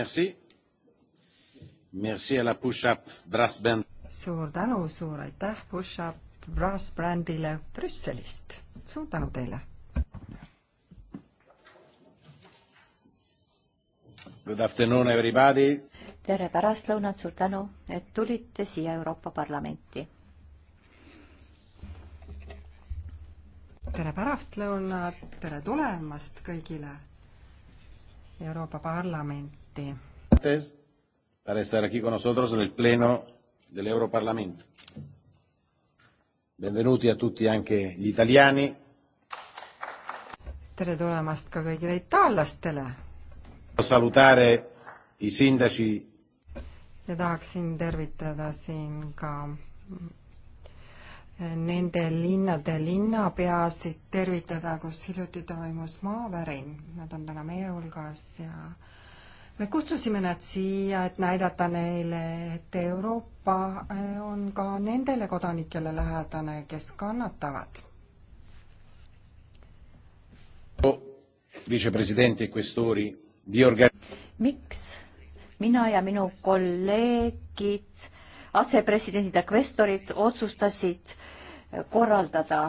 Merci. Merci à la push-up brass band. suur tänu, suur aitäh push-up brass bändile Brüsselist. suur tänu teile. Good afternoon everybody. tere pärastlõunat, suur tänu, et tulite siia Euroopa Parlamenti. tere pärastlõunat, tere tulemast kõigile. Euroopa Parlament minuti. Para estar aquí con nosotros en el pleno del Europarlamento. Benvenuti a tutti anche gli italiani. tere tulemast ka kõigile itaallastele. Salutare i sindaci. ja tahaksin tervitada siin ka eh, nende linnade linnapeasid tervitada, kus hiljuti toimus maavärin. Nad on täna meie hulgas ja me kutsusime nad siia, et näidata neile, et Euroopa eh, on ka nendele kodanikele lähedane, kes kannatavad. Oh, miks mina ja minu kolleegid, asepresidendid ja kvestorid otsustasid korraldada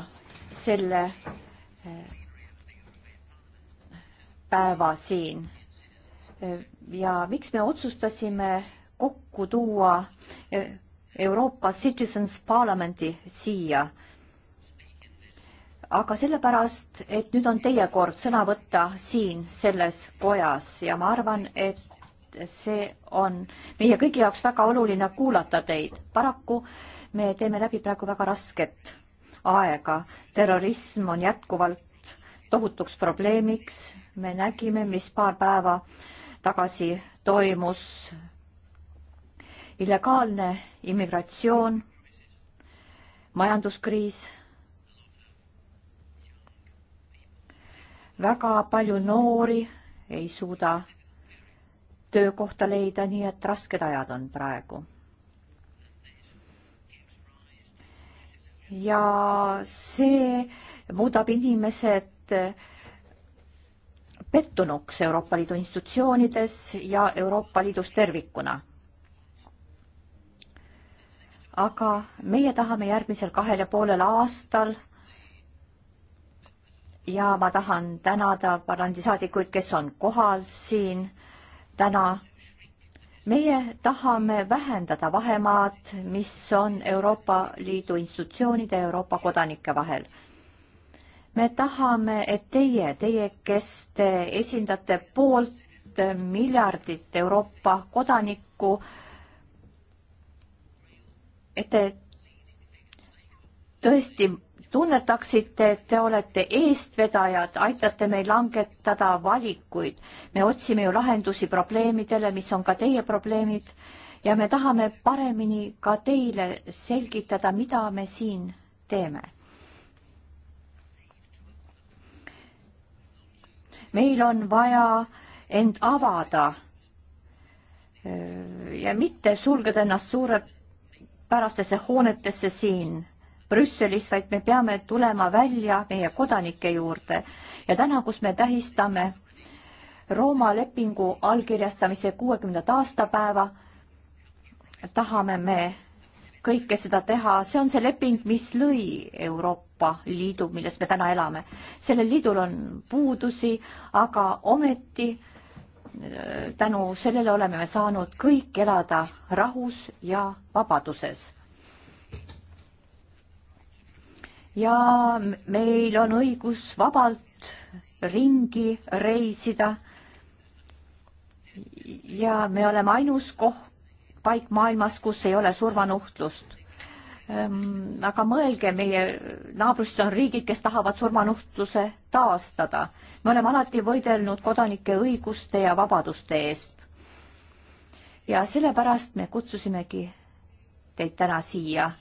selle eh, päeva siin ja miks me otsustasime kokku tuua e, Euroopa Citizens Parlamenti siia? aga sellepärast, et nüüd on teie kord sõna võtta siin selles kojas ja ma arvan, et see on meie kõigi jaoks väga oluline kuulata teid. paraku me teeme läbi praegu väga rasket aega. terrorism on jätkuvalt tohutuks probleemiks. me nägime, mis paar päeva äh, tagasi toimus illegaalne immigratsioon, majanduskriis, väga palju noori ei suuda töökohta leida, nii et rasked ajad on praegu. ja see muudab inimesed pettunuks Euroopa Liidu institutsioonides ja Euroopa Liidus tervikuna. aga meie tahame järgmisel kahel ja poolel aastal ja ma tahan tänada parlamendisaadikuid, kes on kohal siin täna. meie tahame vähendada vahemaad, mis on Euroopa Liidu institutsioonide ja Euroopa kodanike vahel me tahame, et teie, teie, kes te esindate poolt miljardit Euroopa kodanikku, et te tõesti tunnetaksite, et te olete eestvedajad, aitate meil langetada valikuid. me otsime ju lahendusi probleemidele, mis on ka teie probleemid ja me tahame paremini ka teile selgitada, mida me siin teeme meil on vaja end avada ja mitte sulgeda ennast suurepärastesse hoonetesse siin Brüsselis, vaid me peame tulema välja meie kodanike juurde ja täna, kus me tähistame Rooma lepingu allkirjastamise kuuekümnendat aastapäeva, tahame me kõike seda teha, see on see leping, mis lõi Euroopa Liidu, milles me täna elame. sellel liidul on puudusi, aga ometi äh, tänu sellele oleme me saanud kõik elada rahus ja vabaduses. ja meil on õigus vabalt ringi reisida. ja me oleme ainus koht, paik maailmas, kus ei ole surmanuhtlust. Ehm, aga mõelge, meie naabruses on riigid, kes tahavad surmanuhtluse taastada. me oleme alati võidelnud kodanike õiguste ja vabaduste eest. ja sellepärast me kutsusimegi teid täna siia.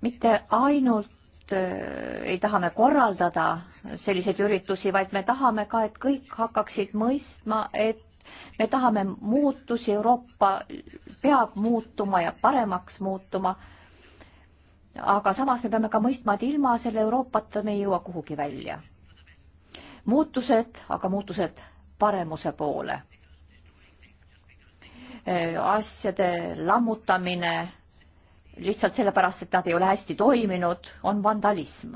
mitte ainult eh, ei taha me korraldada selliseid üritusi, vaid me tahame ka, et kõik hakkaksid mõistma, et me tahame muutusi, Euroopa peab muutuma ja paremaks muutuma. aga samas me peame ka mõistma, et ilma selle Euroopata me ei jõua kuhugi välja. muutused, aga muutused paremuse poole. Äh, asjade lammutamine lihtsalt sellepärast, et nad ei ole hästi toiminud, on vandalism.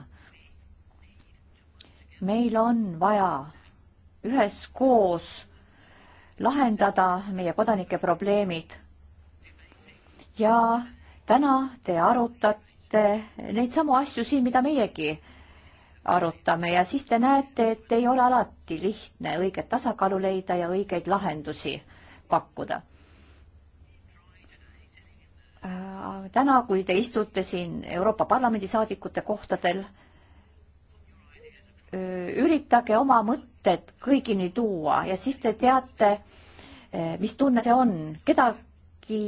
meil on vaja üheskoos lahendada meie kodanike probleemid. ja täna te arutate neid samu asju siin, mida meiegi arutame ja siis te näete, et ei ole alati lihtne õiget tasakaalu leida ja õigeid lahendusi pakkuda. täna, kui te istute siin Euroopa Parlamendi saadikute kohtadel, üritage oma mõtteid mõtted kõigini tuua ja siis te teate, eh, mis tunne see on, kedagi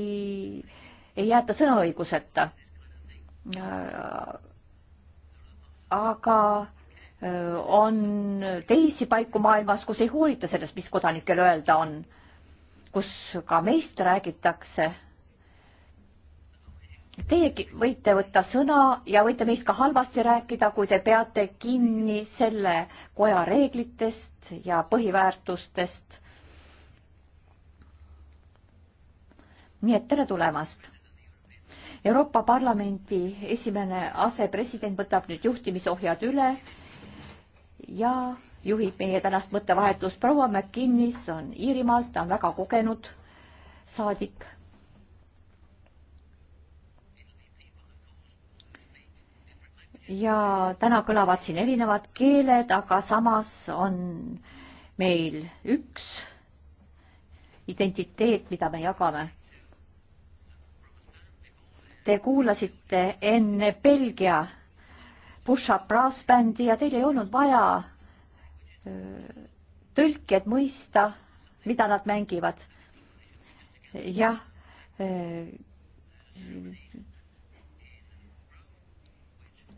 ei jäeta sõnaõiguseta. Äh, aga äh, on teisi paiku maailmas, kus ei hoolita sellest, mis kodanikel öelda on, kus ka meist räägitakse Teiegi võite võtta sõna ja võite meist ka halvasti rääkida, kui te peate kinni selle koja reeglitest ja põhiväärtustest. nii et tere tulemast. Euroopa Parlamendi esimene asepresident võtab nüüd juhtimisohjad üle ja juhib meie tänast mõttevahetust. proua McKinnis on Iirimaalt, ta on väga kogenud saadik ja täna kõlavad siin erinevad keeled, aga samas on meil üks identiteet, mida me jagame. Te kuulasite enne Belgia Push Up Brass Bandi ja teil ei olnud vaja tõlki, et mõista, mida nad mängivad. jah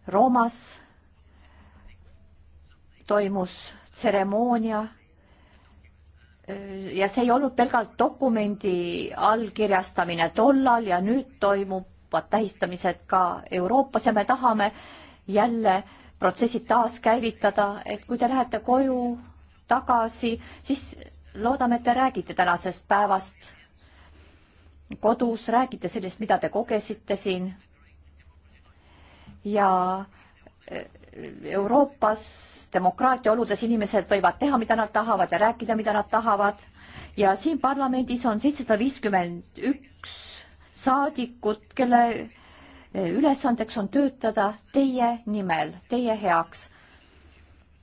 Roomas toimus tseremoonia ja see ei olnud pelgalt dokumendi allkirjastamine tollal ja nüüd toimuvad tähistamised ka Euroopas ja me tahame jälle protsessid taaskäivitada, et kui te lähete koju tagasi, siis loodame, et te räägite tänasest päevast kodus, räägite sellest, mida te kogesite siin ja e, Euroopas demokraatia oludes inimesed võivad teha, mida nad tahavad ja rääkida, mida nad tahavad. ja siin parlamendis on seitsesada viiskümmend üks saadikut, kelle e, ülesandeks on töötada teie nimel, teie heaks.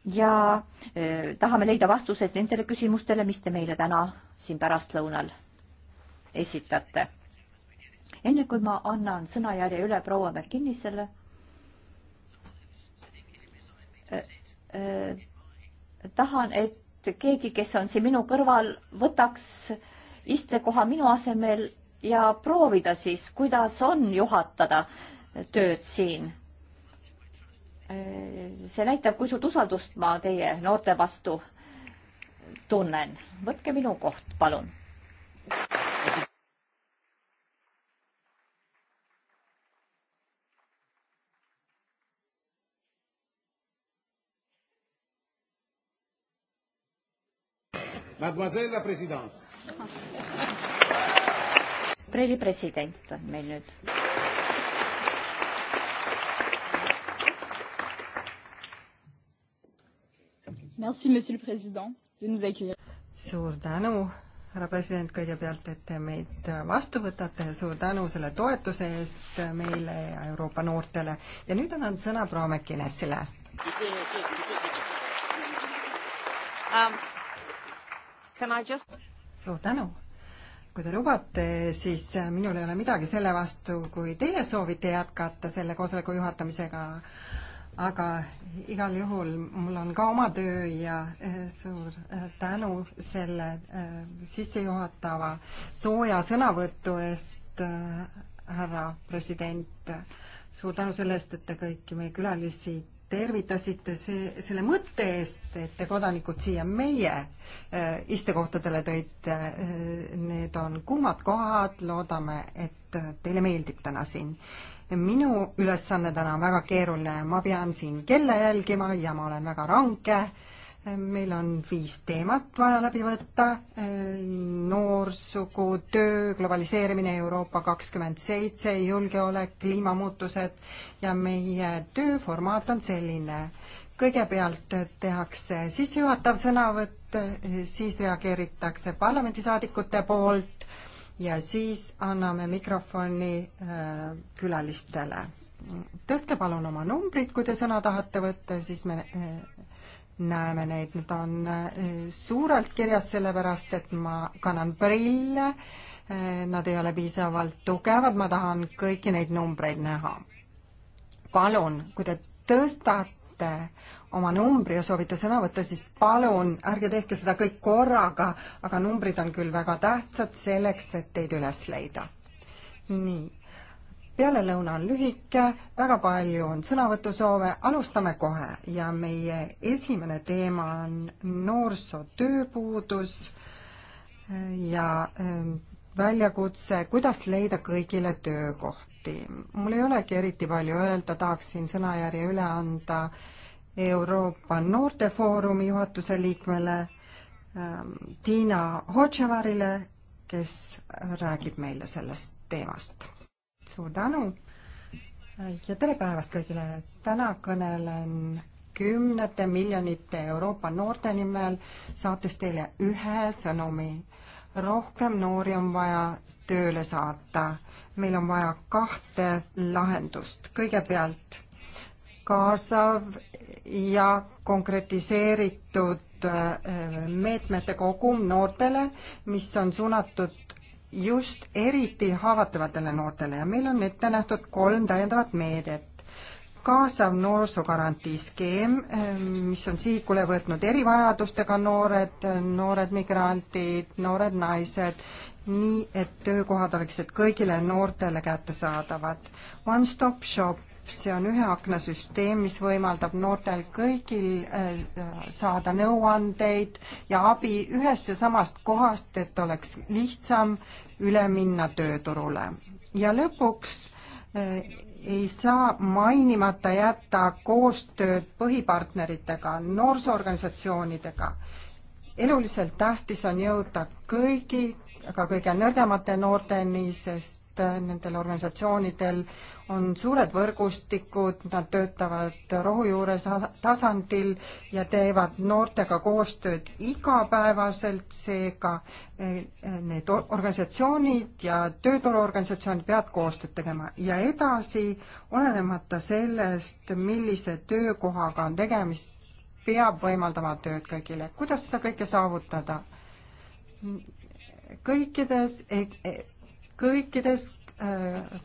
ja eh, tahame leida vastused nendele küsimustele, mis te meile täna siin pärastlõunal esitate. enne kui ma annan sõnajärje üle proua McKinnisele Äh, tahan, et keegi, kes on siin minu kõrval, võtaks istekoha minu asemel ja proovida siis, kuidas on juhatada tööd siin. Äh, see näitab, kui suurt usaldust ma teie noorte vastu tunnen. võtke minu koht, palun Mademoiselle la president. Preili president on meil nüüd. Merci, monsieur le president, de nous accueillir. suur tänu, härra president, kõigepealt, et te meid vastu võtate ja suur tänu selle toetuse eest meile ja Euroopa noortele. ja nüüd annan sõna proua Mäkinesile um.. Just... suur tänu! kui te lubate, siis minul ei ole midagi selle vastu, kui teie soovite jätkata selle koosoleku juhatamisega, aga igal juhul mul on ka oma töö ja eh, suur eh, tänu selle eh, sissejuhatava sooja sõnavõtu eest, härra president. suur tänu selle eest, et te kõiki meie külalisi tervitasite see, selle mõtte eest, et te kodanikud siia meie äh, istekohtadele tõite. Äh, need on kuumad kohad, loodame, et teile meeldib täna siin. minu ülesanne täna on väga keeruline, ma pean siin kella jälgima ja ma olen väga range meil on viis teemat vaja läbi võtta, äh, noorsugu, töö, globaliseerimine, Euroopa kakskümmend seitse, julgeolek, kliimamuutused ja meie tööformaat on selline. kõigepealt tehakse sissejuhatav sõnavõtt, siis reageeritakse parlamendisaadikute poolt ja siis anname mikrofoni äh, külalistele. tõstke palun oma numbrid, kui te sõna tahate võtta, siis me äh, näeme neid, nad on eh, suurelt kirjas, sellepärast et ma kannan prille, eh, nad ei ole piisavalt tugevad, ma tahan kõiki neid numbreid näha. palun, kui te tõstate oma numbri ja soovite sõna võtta, siis palun ärge tehke seda kõik korraga, aga numbrid on küll väga tähtsad selleks, et teid üles leida. nii pealelõuna on lühike, väga palju on sõnavõtusoove, alustame kohe ja meie esimene teema on noorsootööpuudus ja ähm, väljakutse, kuidas leida kõigile töökohti. mul ei olegi eriti palju öelda, tahaksin sõnajärje üle anda Euroopa Noortefoorumi juhatuse liikmele ähm, Tiina Hodževarile, kes räägib meile sellest teemast suur tänu ja tere päevast kõigile. täna kõnelen kümnete miljonite Euroopa noorte nimel, saates teile ühe sõnumi. rohkem noori on vaja tööle saata. meil on vaja kahte lahendust. kõigepealt kaasav ja konkretiseeritud äh, meetmete kogum noortele, mis on suunatud just eriti haavatavatele noortele ja meil on ette nähtud kolm täiendavat meedet. kaasav noorsoogarantii skeem, mis on sihikule võtnud erivajadustega noored, noored migrandid, noored naised, nii et töökohad oleksid kõigile noortele kättesaadavad. One stop shop see on ühe akna süsteem, mis võimaldab noortel kõigil äh, saada nõuandeid ja abi ühest ja samast kohast, et oleks lihtsam üle minna tööturule. ja lõpuks äh, ei saa mainimata jätta koostööd põhipartneritega, noorsoorganisatsioonidega. eluliselt tähtis on jõuda kõigi, ka kõige nõrgemate noorteni, sest Äh, nendel organisatsioonidel on suured võrgustikud, nad töötavad rohujuure tasandil ja teevad noortega koostööd igapäevaselt, seega äh, äh, need organisatsioonid ja tööturuorganisatsioonid peavad koostööd tegema ja edasi, olenemata sellest, millise töökohaga on tegemist, peab võimaldama tööd kõigile. kuidas seda kõike saavutada? kõikides e-, e-, kõikides äh,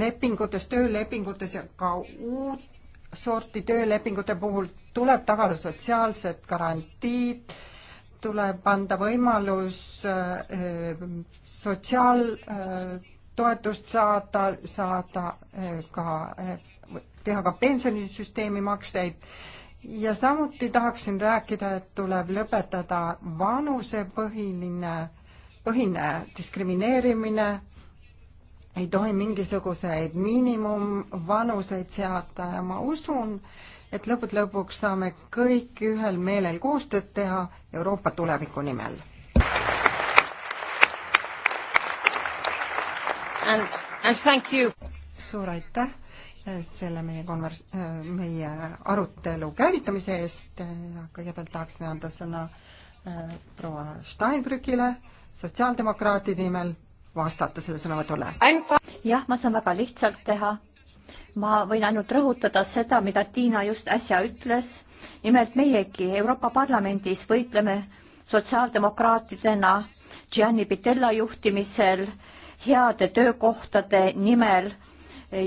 lepingutes, töölepingutes ja ka uut sorti töölepingute puhul tuleb tagada sotsiaalsed garantiid, tuleb anda võimalus äh, sotsiaaltoetust äh, saada, saada ka, teha ka pensionisüsteemi makseid ja samuti tahaksin rääkida, et tuleb lõpetada vanusepõhiline, põhine diskrimineerimine ei tohi mingisuguseid miinimumvanuseid seada ja ma usun, et lõppude lõpuks saame kõik ühel meelel koostööd teha Euroopa tuleviku nimel. suur aitäh eh, selle meie konvers-, eh, meie arutelu käivitamise eest ja kõigepealt tahaksin anda sõna eh, proua Steinbrückile sotsiaaldemokraatide nimel vastata sellele sõnavõtule? jah, ma saan väga lihtsalt teha. ma võin ainult rõhutada seda, mida Tiina just äsja ütles. nimelt meiegi Euroopa Parlamendis võitleme sotsiaaldemokraatidena Gianni Pitella juhtimisel heade töökohtade nimel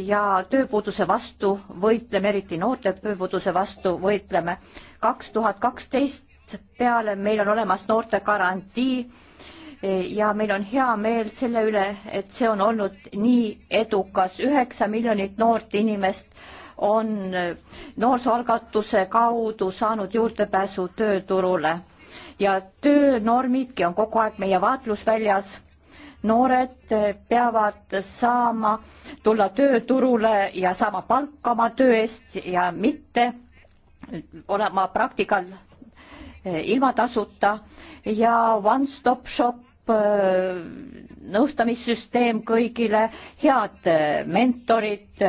ja tööpuuduse vastu võitleme, eriti noorte tööpuuduse vastu võitleme. kaks tuhat kaksteist peale meil on olemas noorte garantii ja meil on hea meel selle üle, et see on olnud nii edukas, üheksa miljonit noort inimest on noorsooalgatuse kaudu saanud juurdepääsu tööturule ja töönormidki on kogu aeg meie vaatlusväljas. noored peavad saama tulla tööturule ja saama palka oma töö eest ja mitte olema praktikal eh, ilma tasuta ja one stop shop Äh, nõustamissüsteem kõigile, head äh, mentorid,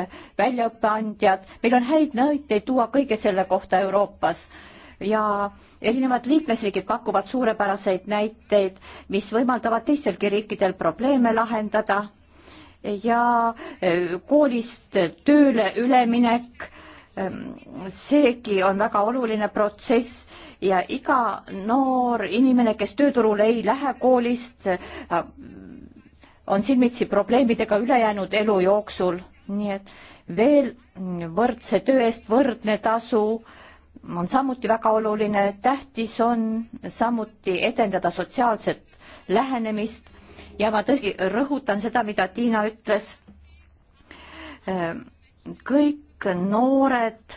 väljaõppeandjad, meil on häid näiteid tuua kõige selle kohta Euroopas ja erinevad liikmesriigid pakuvad suurepäraseid näiteid, mis võimaldavad teistelgi riikidel probleeme lahendada ja äh, koolist tööle üleminek Ehm, seegi on väga oluline protsess ja iga noor inimene, kes tööturule ei lähe koolist, äh, on silmitsi probleemidega ülejäänud elu jooksul, nii et veel võrdse töö eest võrdne tasu on samuti väga oluline, tähtis on samuti edendada sotsiaalset lähenemist ja ma tõesti rõhutan seda, mida Tiina ütles. Ehm, kõik kõik noored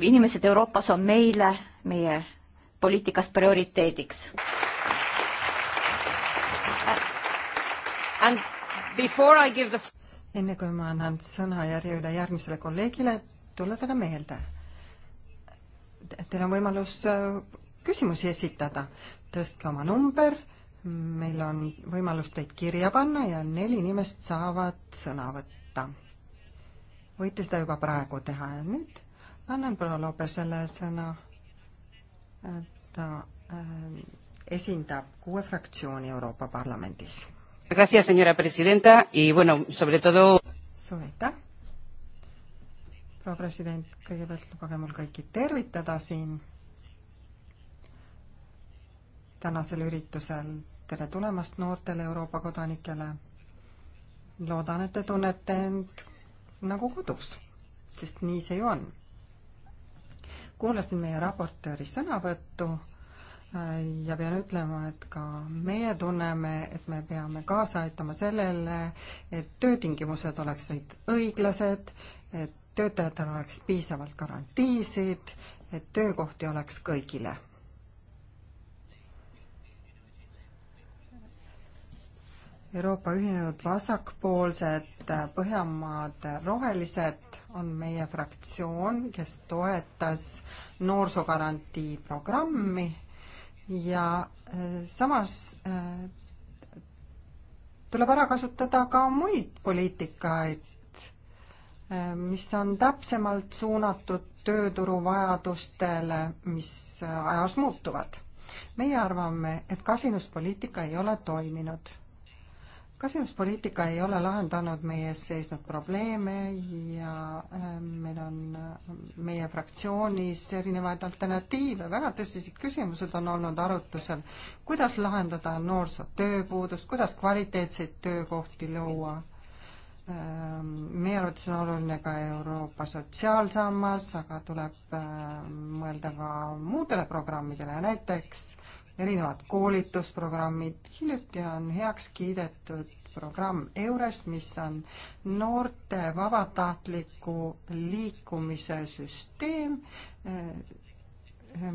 inimesed Euroopas on meile, meie poliitikas prioriteediks. The... enne kui ma annan sõnajärje üle järgmisele kolleegile, tuletage meelde. Teil on võimalus äh, küsimusi esitada, tõstke oma number, meil on võimalus teid kirja panna ja neli inimest saavad sõna võtta võite seda juba praegu teha ja nüüd annan proua Lobesele sõna. Äh, ta äh, esindab kuue fraktsiooni Euroopa Parlamendis. Gracias, señora presidenta y bueno, sobre todo. suur aitäh. proua president, kõigepealt lubage mul kõiki tervitada siin tänasel üritusel. tere tulemast noortele Euroopa kodanikele. loodan, et te tunnete end nagu kodus, sest nii see ju on. kuulasin meie raportööri sõnavõttu äh, ja pean ütlema, et ka meie tunneme, et me peame kaasa aitama sellele, et töötingimused oleksid õiglased, et töötajatel oleks piisavalt garantiisid, et töökohti oleks kõigile Euroopa Ühinenud Vasakpoolsed Põhjamaade Rohelised on meie fraktsioon, kes toetas noorsoogarantii programmi ja eh, samas eh, tuleb ära kasutada ka muid poliitikaid, eh, mis on täpsemalt suunatud tööturu vajadustele, mis ajas muutuvad. meie arvame, et kasinuspoliitika ei ole toiminud kasinuspoliitika ei ole lahendanud meie ees seisnud probleeme ja äh, meil on äh, meie fraktsioonis erinevaid alternatiive, väga tõsised küsimused on olnud arutusel, kuidas lahendada noorsootööpuudust, kuidas kvaliteetseid töökohti luua. Ähm, meie arvates on oluline ka Euroopa sotsiaalsammas, aga tuleb äh, mõelda ka muudele programmidele, näiteks erinevad koolitusprogrammid, hiljuti on heaks kiidetud programm EURES, mis on noorte vabatahtliku liikumise süsteem,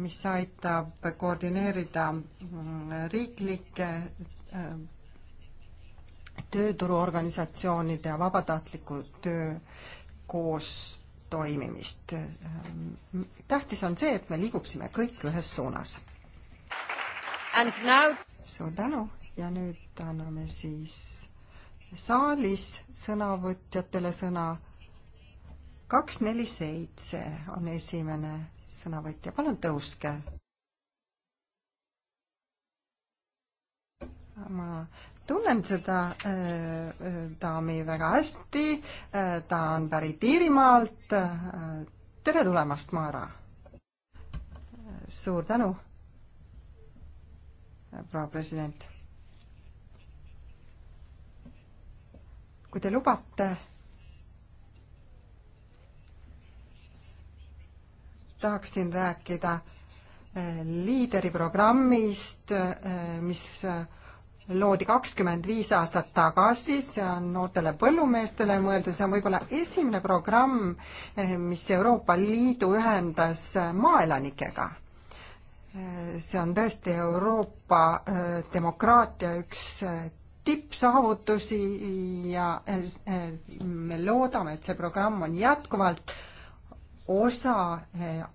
mis aitab koordineerida mm, riiklike mm, tööturuorganisatsioonide ja vabatahtliku töö koos toimimist. Mm, tähtis on see, et me liiguksime kõik ühes suunas. Now... suur tänu ja nüüd anname siis saalis sõnavõtjatele sõna. kaks, neli, seitse on esimene sõnavõtja, palun tõuske. ma tunnen seda äh, äh daami väga hästi äh,, ta on pärit Iirimaalt äh,. tere tulemast, Maara! Äh, suur tänu proua president. kui te lubate, tahaksin rääkida eh, Leaderi programmist, eh, mis eh, loodi kakskümmend viis aastat tagasi, see on noortele põllumeestele mõeldud, see on võib-olla esimene programm, mis Euroopa Liidu ühendas maaelanikega see on tõesti Euroopa äh, demokraatia üks äh, tippsaavutusi ja äh, me loodame, et see programm on jätkuvalt osa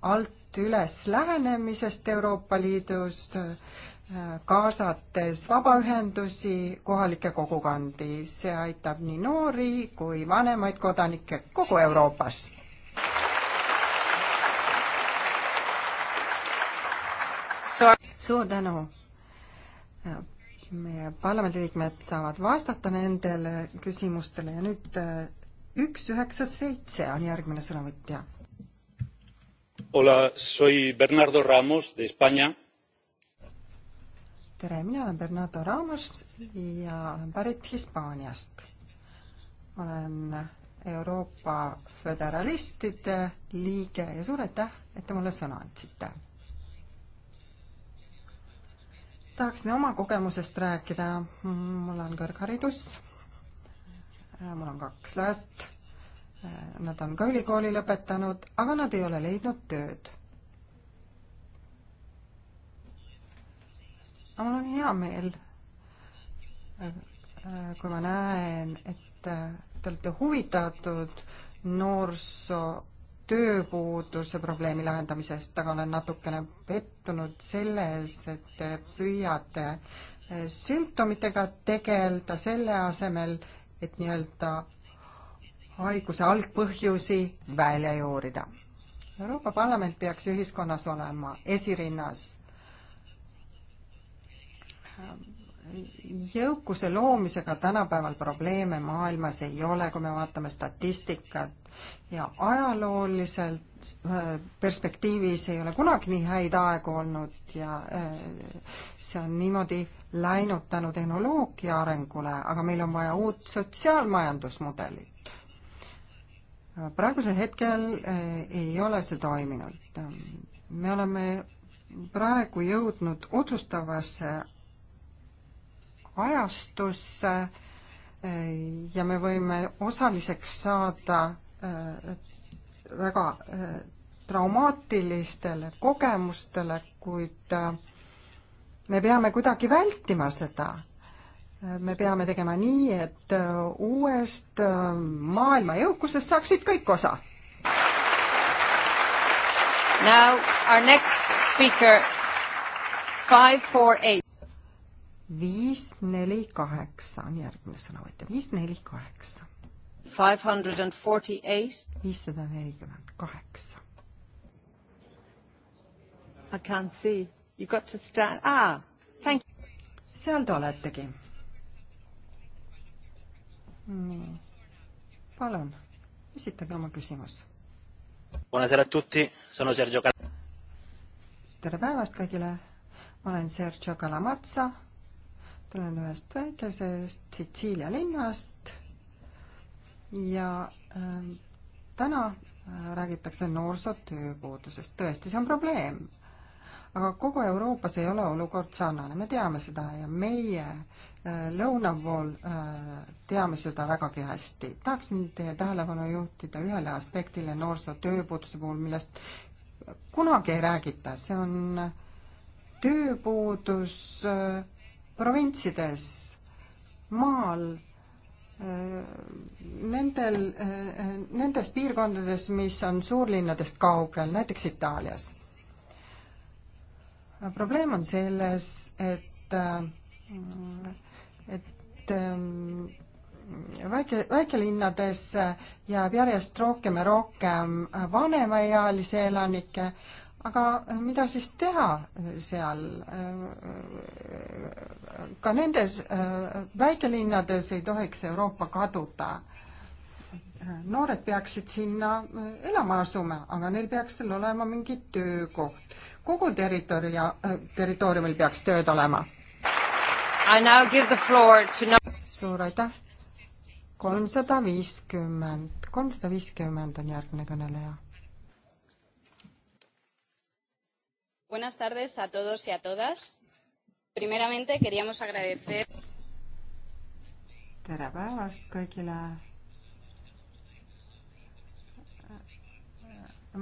alt üles lähenemisest Euroopa Liidus, kaasates vabaühendusi, kohalikke kogukondi. see aitab nii noori kui vanemaid kodanikke kogu Euroopas. suur tänu. meie parlamendiliikmed saavad vastata nendele küsimustele ja nüüd äh, üks üheksa seitse on järgmine sõnavõtja. Hola, soy Bernardo Ramos de España. tere, mina olen Bernardo Ramos ja olen pärit Hispaaniast. ma olen Euroopa Föderalistide liige ja suur aitäh, et te mulle sõna andsite tahaksin oma kogemusest rääkida. mul on kõrgharidus, mul on kaks last, nad on ka ülikooli lõpetanud, aga nad ei ole leidnud tööd. aga mul on hea meel, kui ma näen, et te olete huvitatud noorsoo tööpuuduse probleemi lahendamisest, aga olen natukene pettunud selles, et te püüate eh, sümptomitega tegeleda selle asemel, et nii-öelda haiguse algpõhjusi välja juurida. Euroopa Parlament peaks ühiskonnas olema esirinnas jõukuse loomisega tänapäeval probleeme maailmas ei ole, kui me vaatame statistikat ja ajalooliselt äh, perspektiivis ei ole kunagi nii häid aegu olnud ja äh, see on niimoodi läinud tänu tehnoloogia arengule, aga meil on vaja uut sotsiaalmajandusmudelit. praegusel hetkel äh, ei ole see toiminud. me oleme praegu jõudnud otsustavasse ajastusse eh, ja me võime osaliseks saada eh, väga eh, traumaatilistele kogemustele, kuid me peame kuidagi vältima seda. me peame tegema nii, et uuest maailma jõukusest saaksid kõik osa. Now our next speaker, five, four, eight viis, neli, kaheksa on järgmine sõnavõtja, viis, neli, kaheksa. viissada nelikümmend kaheksa. I can't see. You got to stand. Ah, thank you. seal te oletegi. nii, palun, esitage oma küsimus. Buonasera a tutti, sono Sergio Cal- tere päevast kõigile, ma olen Sergio Calamatsa tulen ühest väikesest Sitsiilia linnast ja ähm, äh, täna räägitakse noorsootööpuudusest, tõesti, see on probleem. aga kogu Euroopas ei ole olukord sarnane, me teame seda ja meie äh, lõuna pool äh, teame seda vägagi hästi. tahaksin teie tähelepanu juhtida ühele aspektile noorsootööpuuduse puhul, millest kunagi ei räägita, see on äh, tööpuudus äh, provintsides, maal, äh, nendel, äh, nendes piirkondades, mis on suurlinnadest kaugel, näiteks Itaalias. probleem on selles, et, äh, et väike, väikelinnades jääb järjest rohkem ja rohkem vanemaealisi elanikke, aga äh, mida siis teha äh, seal? Äh, ka nendes väikelinnades ei tohiks Euroopa kaduda. noored peaksid sinna elama asuma, aga neil peaks seal olema mingi töökoht. kogu territoria-, territooriumil peaks tööd olema. suur aitäh! kolmsada viiskümmend, kolmsada viiskümmend on järgmine kõneleja Buenas tardes a todos y a todas. Primeramente queríamos agradecer. tere päevast kõigile.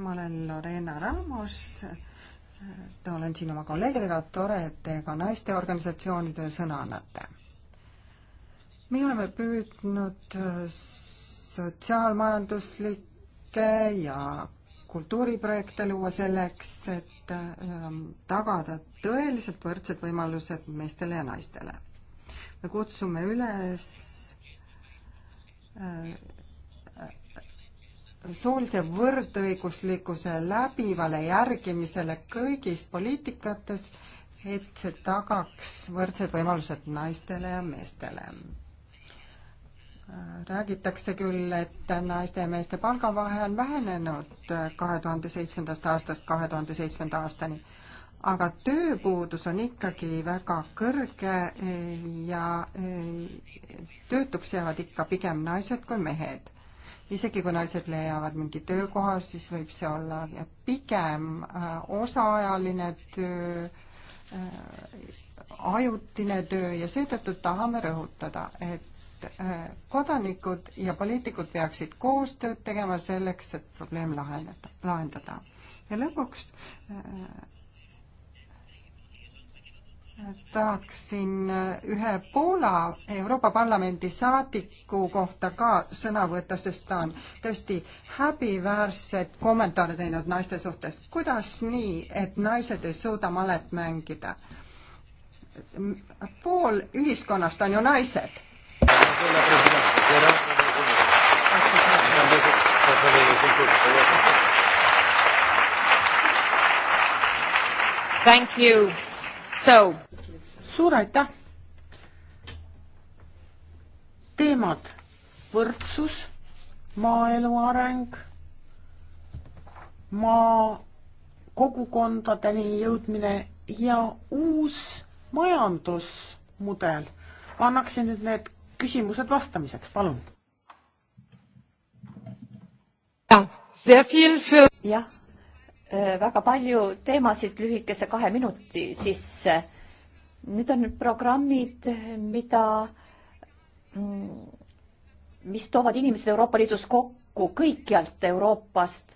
ma olen Lorena Ramos. olen siin oma kolleegidega, tore, et te ka naisteorganisatsioonidele sõna annate. me oleme püüdnud sotsiaalmajanduslikke ja kultuuriprojekte luua selleks, et et ähm, tagada tõeliselt võrdsed võimalused meestele ja naistele. me kutsume üles äh, soolise võrdõiguslikkuse läbivale järgimisele kõigis poliitikates, et see tagaks võrdsed võimalused naistele ja meestele räägitakse küll, et naiste ja meeste palgavahe on vähenenud kahe tuhande seitsmendast aastast kahe tuhande seitsmenda aastani, aga tööpuudus on ikkagi väga kõrge eh, ja eh, töötuks jäävad ikka pigem naised kui mehed. isegi kui naised leiavad mingi töökoha, siis võib see olla pigem eh, osaajaline töö, ajutine töö ja seetõttu tahame rõhutada, et et äh, kodanikud ja poliitikud peaksid koostööd tegema selleks, et probleem laheneda, lahendada. ja lõpuks äh, äh, tahaksin ühe Poola Euroopa Parlamendi saadiku kohta ka sõna võtta, sest ta on tõesti häbiväärsed kommentaare teinud naiste suhtes. kuidas nii, et naised ei suuda malet mängida? pool ühiskonnast on ju naised Thank you. So. suur aitäh. teemad võrdsus, maaelu areng, maa kogukondadeni jõudmine ja uus majandusmudel. annaksin nüüd need küsimused vastamiseks, palun. jah, äh, väga palju teemasid lühikese kahe minuti sisse. Need on programmid, äh, mida, mm, mis toovad inimesed Euroopa Liidus kokku kõikjalt Euroopast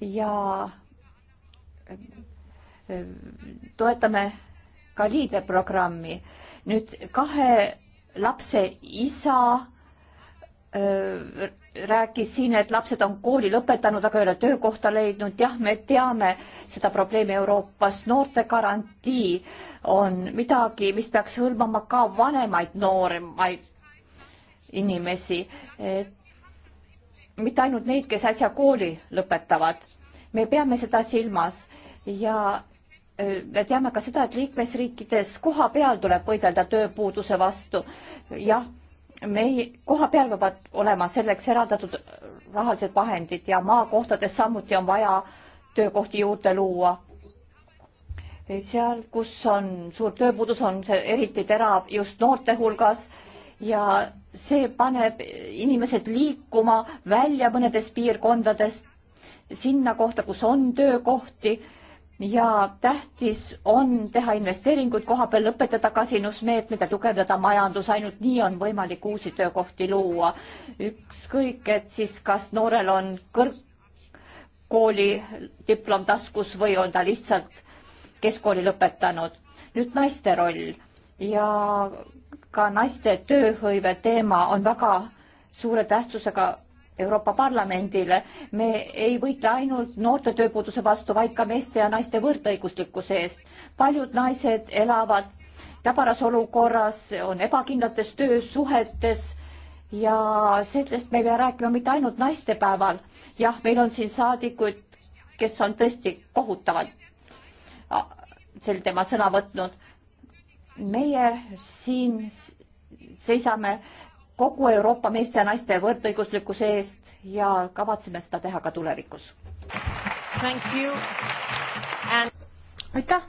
ja äh, toetame ka liideprogrammi. nüüd kahe lapse isa öö, rääkis siin, et lapsed on kooli lõpetanud, aga ei ole töökohta leidnud. jah, me teame seda probleemi Euroopas. noortegarantii on midagi, mis peaks hõlmama ka vanemaid, nooremaid inimesi. mitte ainult neid, kes äsja kooli lõpetavad. me peame seda silmas ja me teame ka seda, et liikmesriikides koha peal tuleb võidelda tööpuuduse vastu. jah, meie koha peal peavad olema selleks eraldatud rahalised vahendid ja maakohtades samuti on vaja töökohti juurde luua seal, kus on suur tööpuudus, on see eriti terav just noorte hulgas ja see paneb inimesed liikuma välja mõnedest piirkondadest sinna kohta, kus on töökohti ja tähtis on teha investeeringuid koha peal, lõpetada kasinusmeetmed ja tugevdada majandus, ainult nii on võimalik uusi töökohti luua. ükskõik, et siis kas noorel on kõrgkooli diplom taskus või on ta lihtsalt keskkooli lõpetanud. nüüd naiste roll ja ka naiste tööhõive teema on väga suure tähtsusega Euroopa Parlamendile. me ei võitle ainult noorte tööpuuduse vastu, vaid ka meeste ja naiste võrdõiguslikkuse eest. paljud naised elavad tabaras olukorras, on ebakindlates töösuhetes ja sellest me ei pea rääkima mitte ainult naistepäeval. jah, meil on siin saadikuid, kes on tõesti kohutavalt sel teemal sõna võtnud. meie siin seisame kogu Euroopa meeste ja naiste võrdõiguslikkuse eest ja kavatseme seda teha ka tulevikus. And... aitäh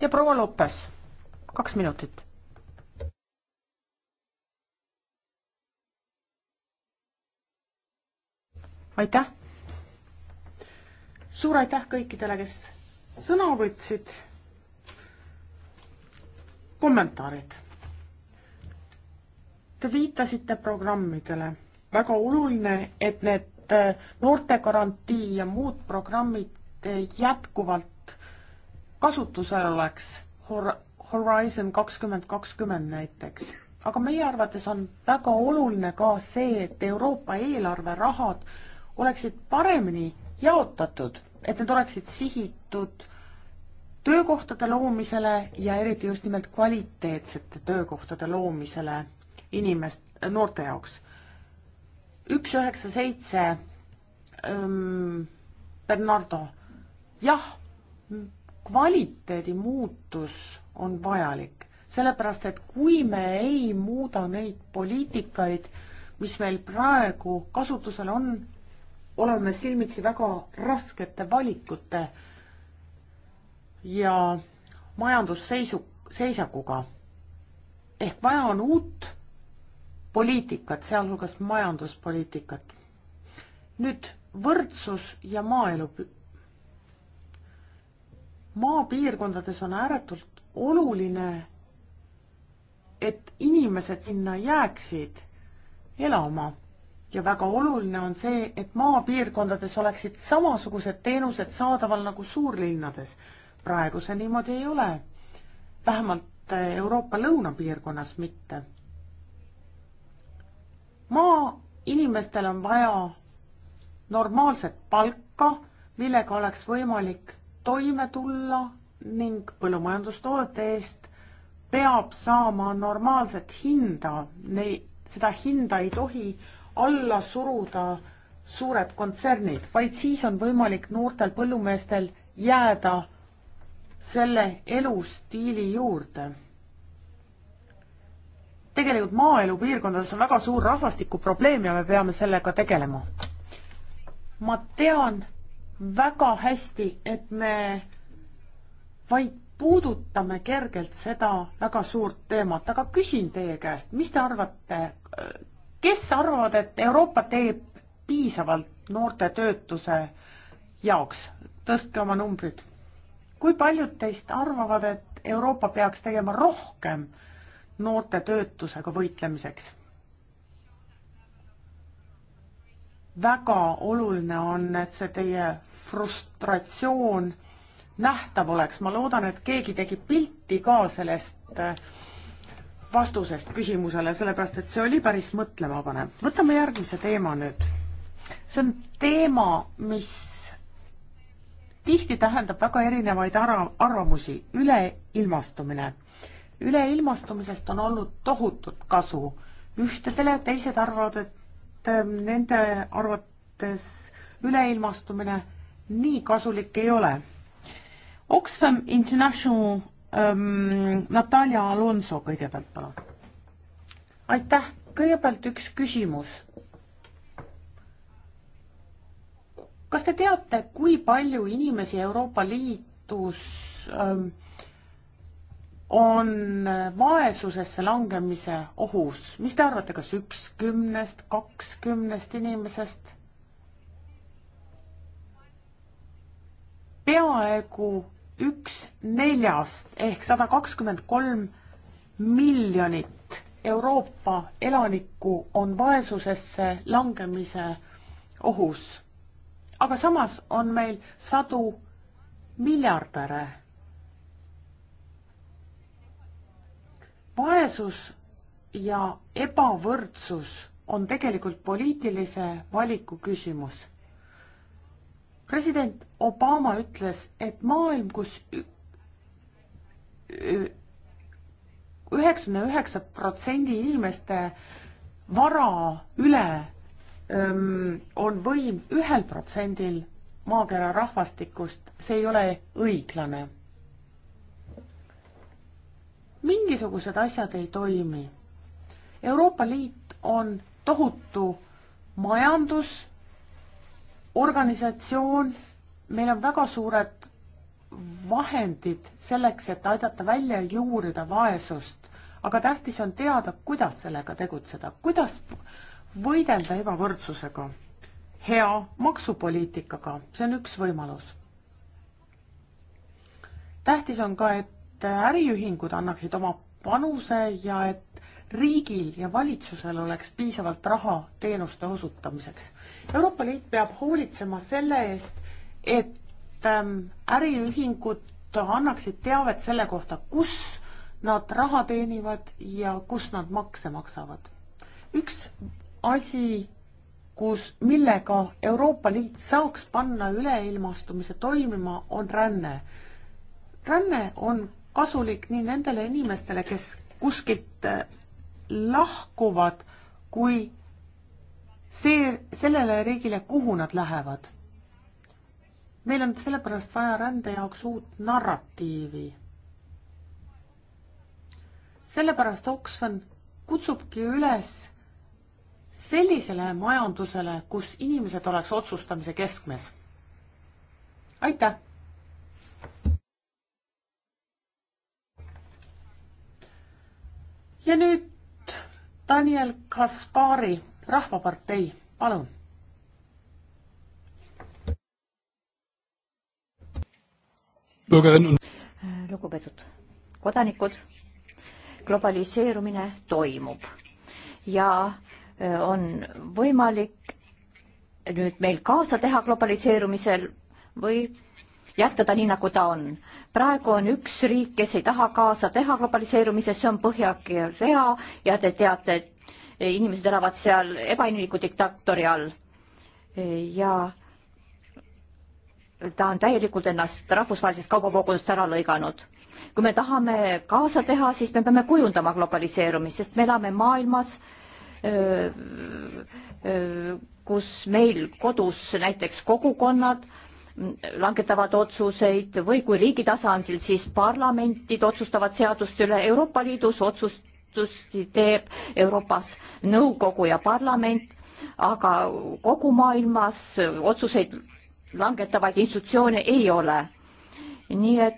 ja proua Lopes, kaks minutit aitäh! suur aitäh kõikidele, kes sõna võtsid. kommentaarid Te viitasite programmidele. väga oluline, et need äh, noortegarantii ja muud programmid äh, jätkuvalt kasutusel oleks Hor, Horizon kakskümmend kakskümmend näiteks. aga meie arvates on väga oluline ka see, et Euroopa eelarverahad oleksid paremini jaotatud, et need oleksid sihitud töökohtade loomisele ja eriti just nimelt kvaliteetsete töökohtade loomisele inimest, noorte jaoks. üks üheksa seitse ähm, Bernardo, jah, kvaliteedi muutus on vajalik, sellepärast et kui me ei muuda neid poliitikaid, mis meil praegu kasutusel on, oleme silmitsi väga raskete valikute ja majandusseisu, seisakuga. ehk vaja on uut poliitikat, sealhulgas majanduspoliitikat. nüüd võrdsus ja maaelu. maapiirkondades on ääretult oluline, et inimesed sinna jääksid elama ja väga oluline on see, et maapiirkondades oleksid samasugused teenused saadaval nagu suurlinnades. praegu see niimoodi ei ole. vähemalt Euroopa lõunapiirkonnas mitte maainimestel on vaja normaalset palka, millega oleks võimalik toime tulla ning põllumajandustoodete eest peab saama normaalset hinda, neid, seda hinda ei tohi alla suruda suured kontsernid, vaid siis on võimalik noortel põllumeestel jääda selle elustiili juurde tegelikult maaelupiirkondades on väga suur rahvastikuprobleem ja me peame sellega tegelema. ma tean väga hästi, et me vaid puudutame kergelt seda väga suurt teemat, aga küsin teie käest, mis te arvate, kes arvavad, et Euroopa teeb piisavalt noorte töötuse jaoks, tõstke oma numbrid. kui paljud teist arvavad, et Euroopa peaks tegema rohkem noorte töötusega võitlemiseks. väga oluline on, et see teie frustratsioon nähtav oleks, ma loodan, et keegi tegi pilti ka sellest äh, vastusest küsimusele, sellepärast et see oli päris mõtlemapanev. võtame järgmise teema nüüd. see on teema, mis tihti tähendab väga erinevaid arvamusi, üleilmastumine üleilmastumisest on olnud tohutut kasu ühtedele, teised arvavad, et ähm, nende arvates üleilmastumine nii kasulik ei ole. Oxfam International ähm, Natalja Alonso kõigepealt, palun. aitäh, kõigepealt üks küsimus. kas te teate, kui palju inimesi Euroopa Liidus ähm, on vaesusesse langemise ohus. mis te arvate, kas üks kümnest, kakskümnest inimesest? peaaegu üks neljast ehk sada kakskümmend kolm miljonit Euroopa elanikku on vaesusesse langemise ohus. aga samas on meil sadu miljardäre vaesus ja ebavõrdsus on tegelikult poliitilise valiku küsimus. president Obama ütles, et maailm kus, kus üheksakümne üheksa protsendi inimeste vara üle öm, on võim ühel protsendil maakera rahvastikust, see ei ole õiglane mingisugused asjad ei toimi. Euroopa Liit on tohutu majandus, organisatsioon, meil on väga suured vahendid selleks, et aidata välja juurida vaesust, aga tähtis on teada, kuidas sellega tegutseda, kuidas võidelda ebavõrdsusega, hea maksupoliitikaga, see on üks võimalus. tähtis on ka, et äriühingud annaksid oma panuse ja et riigil ja valitsusel oleks piisavalt raha teenuste osutamiseks. Euroopa Liit peab hoolitsema selle eest, et ähm, äriühingud annaksid teavet selle kohta, kus nad raha teenivad ja kus nad makse maksavad. üks asi, kus, millega Euroopa Liit saaks panna üleilmastumise toimima, on ränne. ränne on kasulik nii nendele inimestele, kes kuskilt äh, lahkuvad, kui see, sellele riigile, kuhu nad lähevad. meil on sellepärast vaja rände jaoks uut narratiivi. sellepärast Oxfam kutsubki üles sellisele majandusele, kus inimesed oleks otsustamise keskmes. aitäh! ja nüüd Daniel Kaspari, Rahvapartei, palun. lugupeetud kodanikud, globaliseerumine toimub ja äh, on võimalik nüüd meil kaasa teha globaliseerumisel või jätta ta nii, nagu ta on. praegu on üks riik, kes ei taha kaasa teha globaliseerumises, see on Põhja-Korea ja te teate, et inimesed elavad seal ebainimliku diktaatori all. ja ta on täielikult ennast rahvusvahelisest kaubavoogudest ära lõiganud. kui me tahame kaasa teha, siis me peame kujundama globaliseerumist, sest me elame maailmas, kus meil kodus näiteks kogukonnad langetavad otsuseid või kui riigi tasandil, siis parlamentid otsustavad seaduste üle, Euroopa Liidus otsustusi teeb Euroopas nõukogu ja parlament, aga kogu maailmas otsuseid langetavaid institutsioone ei ole. nii et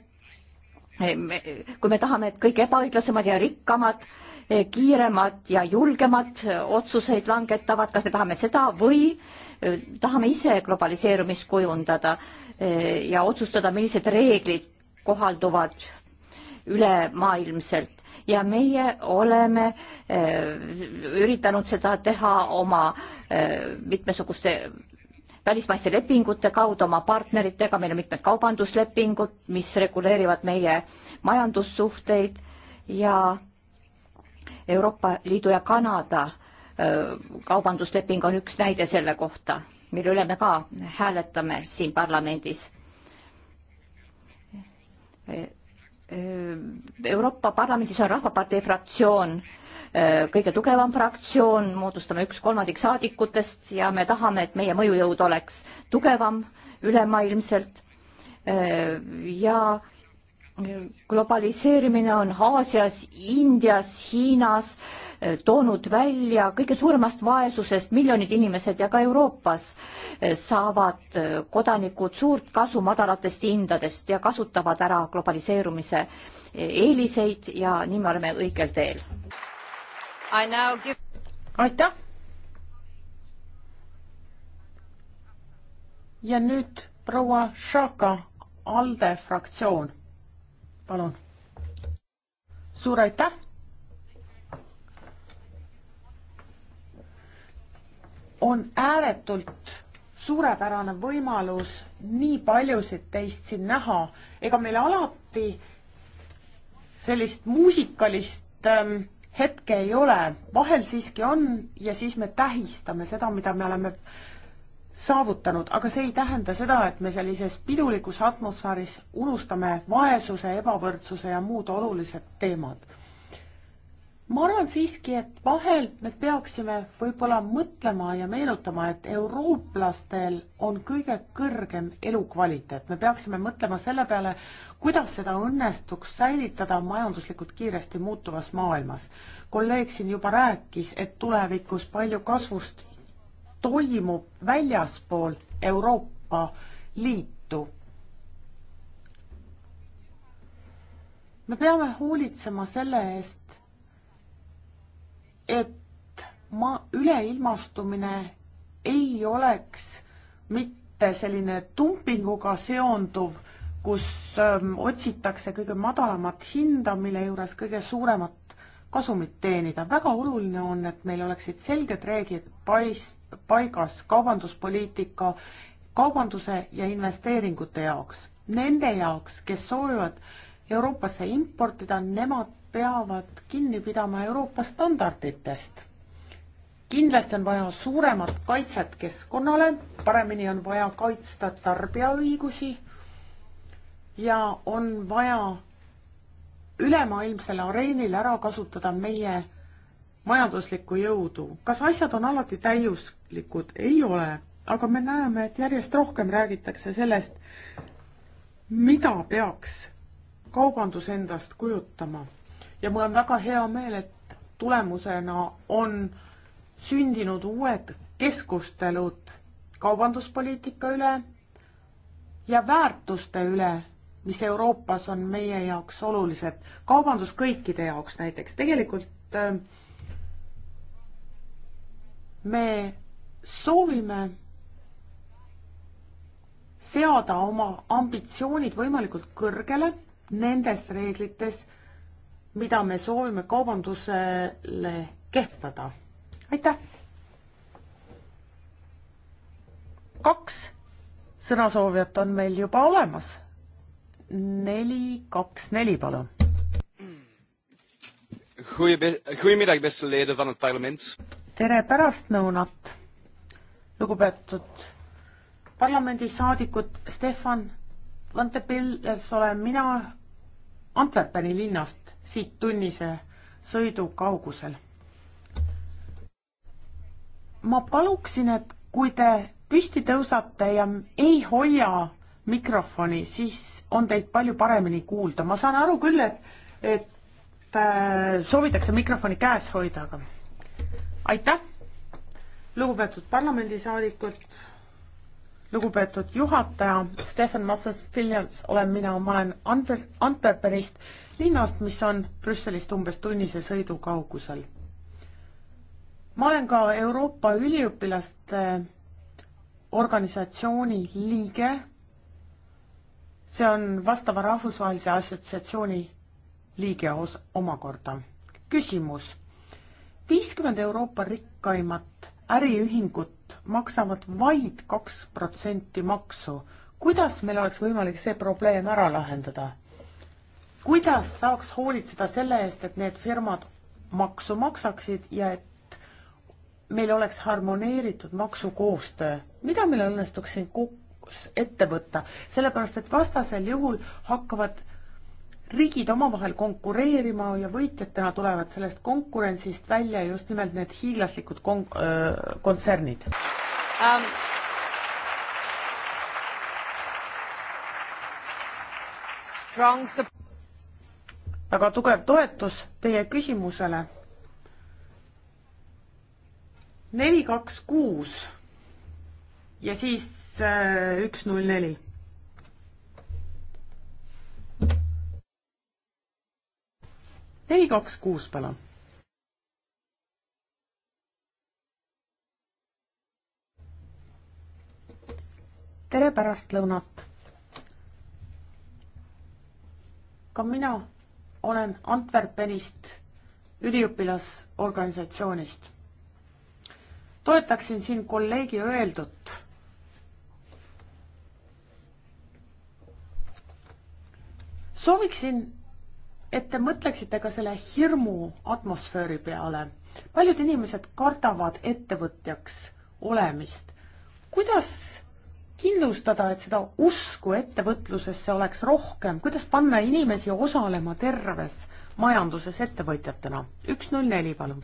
kui me tahame, et kõik ebaõiglasemad ja rikkamad äh, Eh, kiiremat ja julgemat eh, otsuseid langetavad, kas me tahame seda või eh, tahame ise globaliseerumist kujundada ja otsustada, millised reeglid kohalduvad ülemaailmselt ja meie oleme üritanud seda teha oma mitmesuguste välismaiste lepingute kaudu oma partneritega, meil on mitmed kaubanduslepingud, mis reguleerivad meie majandussuhteid ja Euroopa Liidu ja Kanada kaubandusleping on üks näide selle kohta, mille üle me ka hääletame siin parlamendis. Euroopa Parlamendis on Rahvapartei fraktsioon kõige tugevam fraktsioon, moodustame üks kolmandik saadikutest ja me tahame, et meie mõjujõud oleks tugevam ülemaailmselt ja globaliseerimine on Aasias, Indias, Hiinas eh, toonud välja kõige suuremast vaesusest miljonid inimesed ja ka Euroopas eh, saavad eh, kodanikud suurt kasu madalatest hindadest ja kasutavad ära globaliseerumise eeliseid ja nii me oleme õigel teel. Give... aitäh. ja nüüd proua Šaka, ALDE fraktsioon palun. suur aitäh. on ääretult suurepärane võimalus nii paljusid teist siin näha. ega meil alati sellist muusikalist ähm, hetke ei ole, vahel siiski on ja siis me tähistame seda, mida me oleme äh, saavutanud, aga see ei tähenda seda, et me sellises pidulikus atmosfääris unustame vaesuse, ebavõrdsuse ja muud olulised teemad. ma arvan siiski, et vahel me peaksime võib-olla mõtlema ja meenutama, et eurooplastel on kõige kõrgem elukvaliteet, me peaksime mõtlema selle peale, kuidas seda õnnestuks säilitada majanduslikult kiiresti muutuvas maailmas. kolleeg siin juba rääkis, et tulevikus palju kasvust toimub väljaspool Euroopa Liitu. me peame hoolitsema selle eest, et ma, üleilmastumine ei oleks mitte selline dumpinguga seonduv, kus öö, ähm, otsitakse kõige madalamat hinda, mille juures kõige suuremat kasumit teenida. väga oluline on, et meil oleksid selged reeglid pais-, paigas kaubanduspoliitika, kaubanduse ja investeeringute jaoks. Nende jaoks, kes soovivad Euroopasse importida, nemad peavad kinni pidama Euroopa standarditest. kindlasti on vaja suuremat kaitset keskkonnale, paremini on vaja kaitsta tarbijaõigusi ja on vaja ülemaailmsel areenil ära kasutada meie majanduslikku jõudu. kas asjad on alati täiuslikud? ei ole, aga me näeme, et järjest rohkem räägitakse sellest, mida peaks kaubandus endast kujutama. ja mul on väga hea meel, et tulemusena on sündinud uued keskustelud kaubanduspoliitika üle ja väärtuste üle mis Euroopas on meie jaoks olulised, kaubandus kõikide jaoks näiteks, tegelikult ähm, me soovime seada oma ambitsioonid võimalikult kõrgele nendes reeglites, mida me soovime kaubandusele kehtestada. aitäh! kaks sõnasoovijat on meil juba olemas neli, kaks, neli, palun. tere pärastlõunat, lugupeetud parlamendisaadikud, Stefan Vantepilles olen mina Antwerpeni linnast, siit tunnise sõidu kaugusel. ma paluksin, et kui te püsti tõusate ja ei hoia mikrofoni, siis on teid palju paremini kuulda. ma saan aru küll, et, et äh, soovitakse mikrofoni käes hoida, aga aitäh, lugupeetud parlamendisaadikud, lugupeetud juhataja, Stefan Massas-Williams olen mina, ma olen Antwer-, Antwerpenist, linnast, mis on Brüsselist umbes tunnise sõidu kaugusel. ma olen ka Euroopa üliõpilaste organisatsiooni liige see on vastava rahvusvahelise assotsiatsiooni liige os-, omakorda. küsimus. viiskümmend Euroopa rikkaimat äriühingut maksavad vaid kaks protsenti maksu. kuidas meil oleks võimalik see probleem ära lahendada? kuidas saaks hoolitseda selle eest, et need firmad maksu maksaksid ja et meil oleks harmoneeritud maksukoostöö, mida meil õnnestuks siin kokku tulevikus ette võtta, sellepärast et vastasel juhul hakkavad riigid omavahel konkureerima ja võitjatena tulevad sellest konkurentsist välja just nimelt need hiiglaslikud kon-, öö, kontsernid um.. Strong väga tugev toetus teie küsimusele. neli, kaks, kuus ja siis äh, üks null neli. neli, kaks, kuus, palun. tere pärastlõunat. ka mina olen Antwerpenist üliõpilasorganisatsioonist. toetaksin siin kolleegi öeldut sooviksin, et te mõtleksite ka selle hirmu atmosfääri peale. paljud inimesed kardavad ettevõtjaks olemist. kuidas kindlustada, et seda usku ettevõtlusesse oleks rohkem, kuidas panna inimesi osalema terves majanduses ettevõtjatena? üks null neli, palun.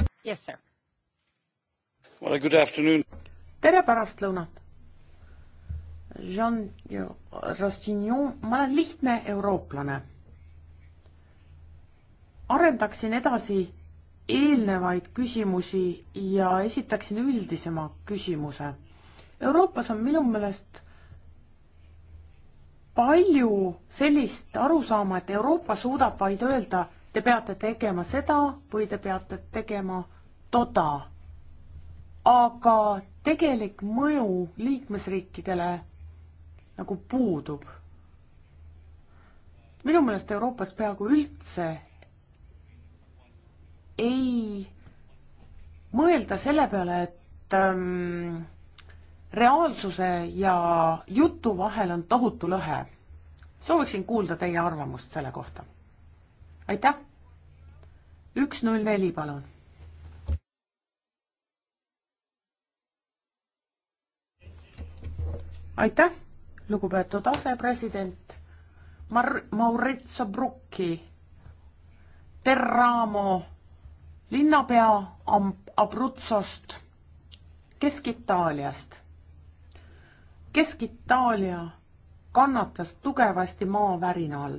tere pärastlõunat Jean Rostignon, ma olen lihtne eurooplane. arendaksin edasi eelnevaid küsimusi ja esitaksin üldisema küsimuse. Euroopas on minu meelest palju sellist arusaama, et Euroopa suudab vaid öelda, te peate tegema seda või te peate tegema toda. aga tegelik mõju liikmesriikidele nagu puudub. minu meelest Euroopas peaaegu üldse ei mõelda selle peale, et ähm, reaalsuse ja jutu vahel on tohutu lõhe. sooviksin kuulda teie arvamust selle kohta. aitäh! üks null neli, palun. aitäh! lugupeetud asepresident Mar-, Maurizio Brucchi, Terramo linnapea Abruzzost, Kesk-Itaaliast. Kesk-Itaalia kannatas tugevasti maavärina all.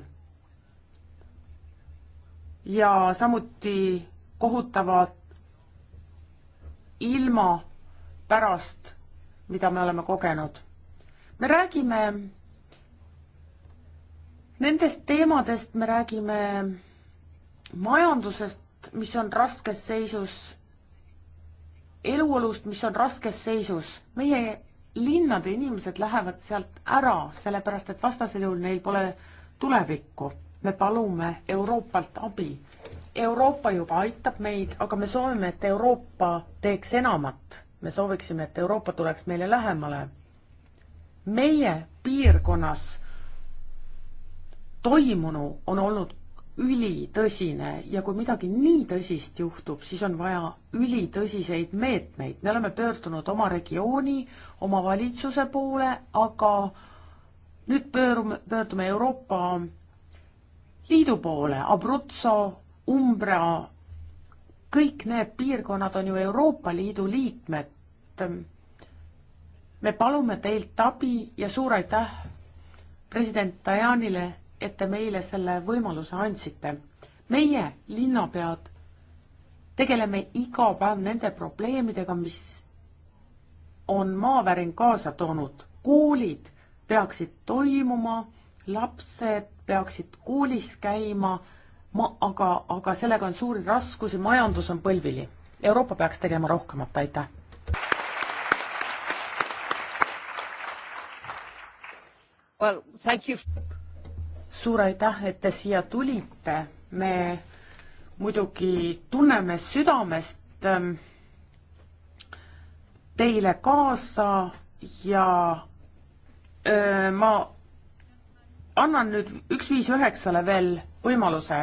ja samuti kohutavad ilma pärast, mida me oleme kogenud me räägime nendest teemadest, me räägime majandusest, mis on raskes seisus, eluolust, mis on raskes seisus. meie linnade inimesed lähevad sealt ära, sellepärast et vastasel juhul neil pole tulevikku. me palume Euroopalt abi. Euroopa juba aitab meid, aga me soovime, et Euroopa teeks enamat. me sooviksime, et Euroopa tuleks meile lähemale meie piirkonnas toimunu on olnud ülitõsine ja kui midagi nii tõsist juhtub, siis on vaja ülitõsiseid meetmeid. me oleme pöördunud oma regiooni, oma valitsuse poole, aga nüüd pöörume, pöördume Euroopa Liidu poole, Abruzzo, Umbria, kõik need piirkonnad on ju Euroopa Liidu liikmed me palume teilt abi ja suur aitäh president Tajanile, et te meile selle võimaluse andsite. meie, linnapead, tegeleme iga päev nende probleemidega, mis on maavärin kaasa toonud. koolid peaksid toimuma, lapsed peaksid koolis käima, ma, aga, aga sellega on suuri raskusi, majandus on põlvili. Euroopa peaks tegema rohkemat, aitäh! well,. suur aitäh, et te siia tulite. me muidugi tunneme südamest ähm, teile kaasa ja öö, äh, ma annan nüüd üks viis üheksale veel võimaluse,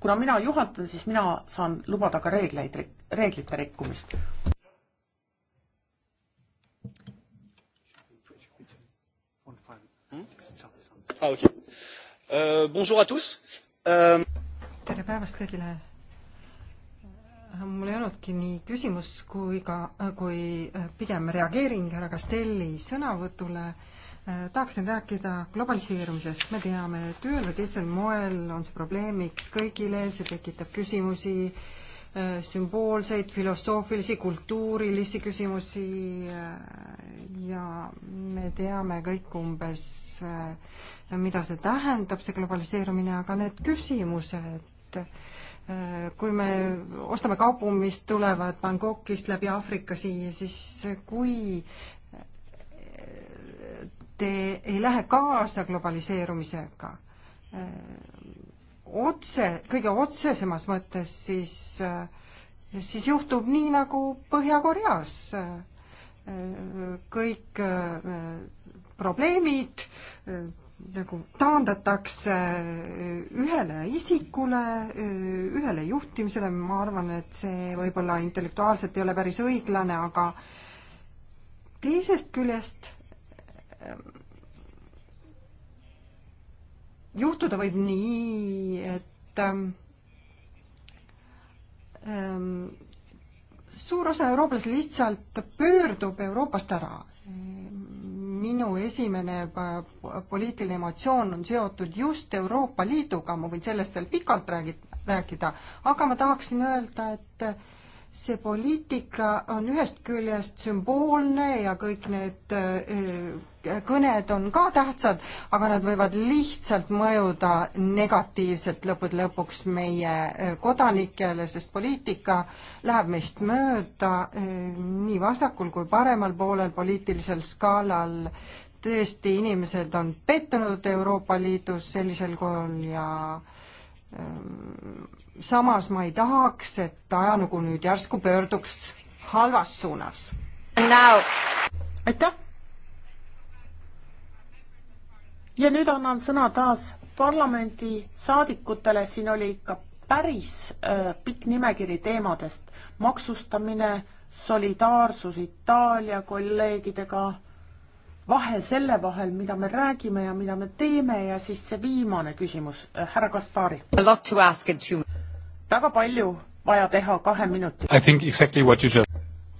kuna mina juhatan, siis mina saan lubada ka reegleid, reeglite rikkumist. ah, okay. uh, bonjour à tous uh.... tere päevast kõigile. Äh, mul ei olnudki nii küsimus kui ka, äh, kui äh, pigem reageering härra Castelli sõnavõtule tahaksin rääkida globaliseerumisest, me teame, et ühel või teisel moel on see probleemiks kõigile, see tekitab küsimusi sümboolseid, filosoofilisi, kultuurilisi küsimusi äh, ja me teame kõik umbes, äh, mida see tähendab, see globaliseerumine, aga need küsimused, äh, kui me ostame kaupu, mis tulevad Bangkokist läbi Aafrika siia, siis kui te ei lähe kaasa globaliseerumisega, otse, kõige otsesemas mõttes, siis, äh, siis juhtub nii nagu Põhja-Koreas. kõik äh, probleemid äh, nagu taandatakse ühele isikule, ühele juhtimisele, ma arvan, et see võib-olla intellektuaalselt ei ole päris õiglane, aga teisest küljest juhtuda võib nii, et ähm, ähm suur osa eurooplasi lihtsalt pöördub Euroopast ära. minu esimene poliitiline emotsioon on seotud just Euroopa Liiduga, ma võin sellest veel pikalt räägi-, rääkida, aga ma tahaksin öelda, et see poliitika on ühest küljest sümboolne ja kõik need äh, kõned on ka tähtsad, aga nad võivad lihtsalt mõjuda negatiivselt lõppude lõpuks meie eh, kodanikele, sest poliitika läheb meist mööda eh, nii vasakul kui paremal poolel poliitilisel skaalal. tõesti, inimesed on pettunud Euroopa Liidus sellisel kujul ja eh, samas ma ei tahaks, et ajalugu nüüd järsku pöörduks halvas suunas. aitäh! ja nüüd annan sõna taas parlamendi saadikutele, siin oli ikka päris äh, pikk nimekiri teemadest, maksustamine, solidaarsus Itaalia kolleegidega, vahe selle vahel, mida me räägime ja mida me teeme ja siis see viimane küsimus äh,, härra Kaspari. väga palju vaja teha kahe minuti. Exactly just...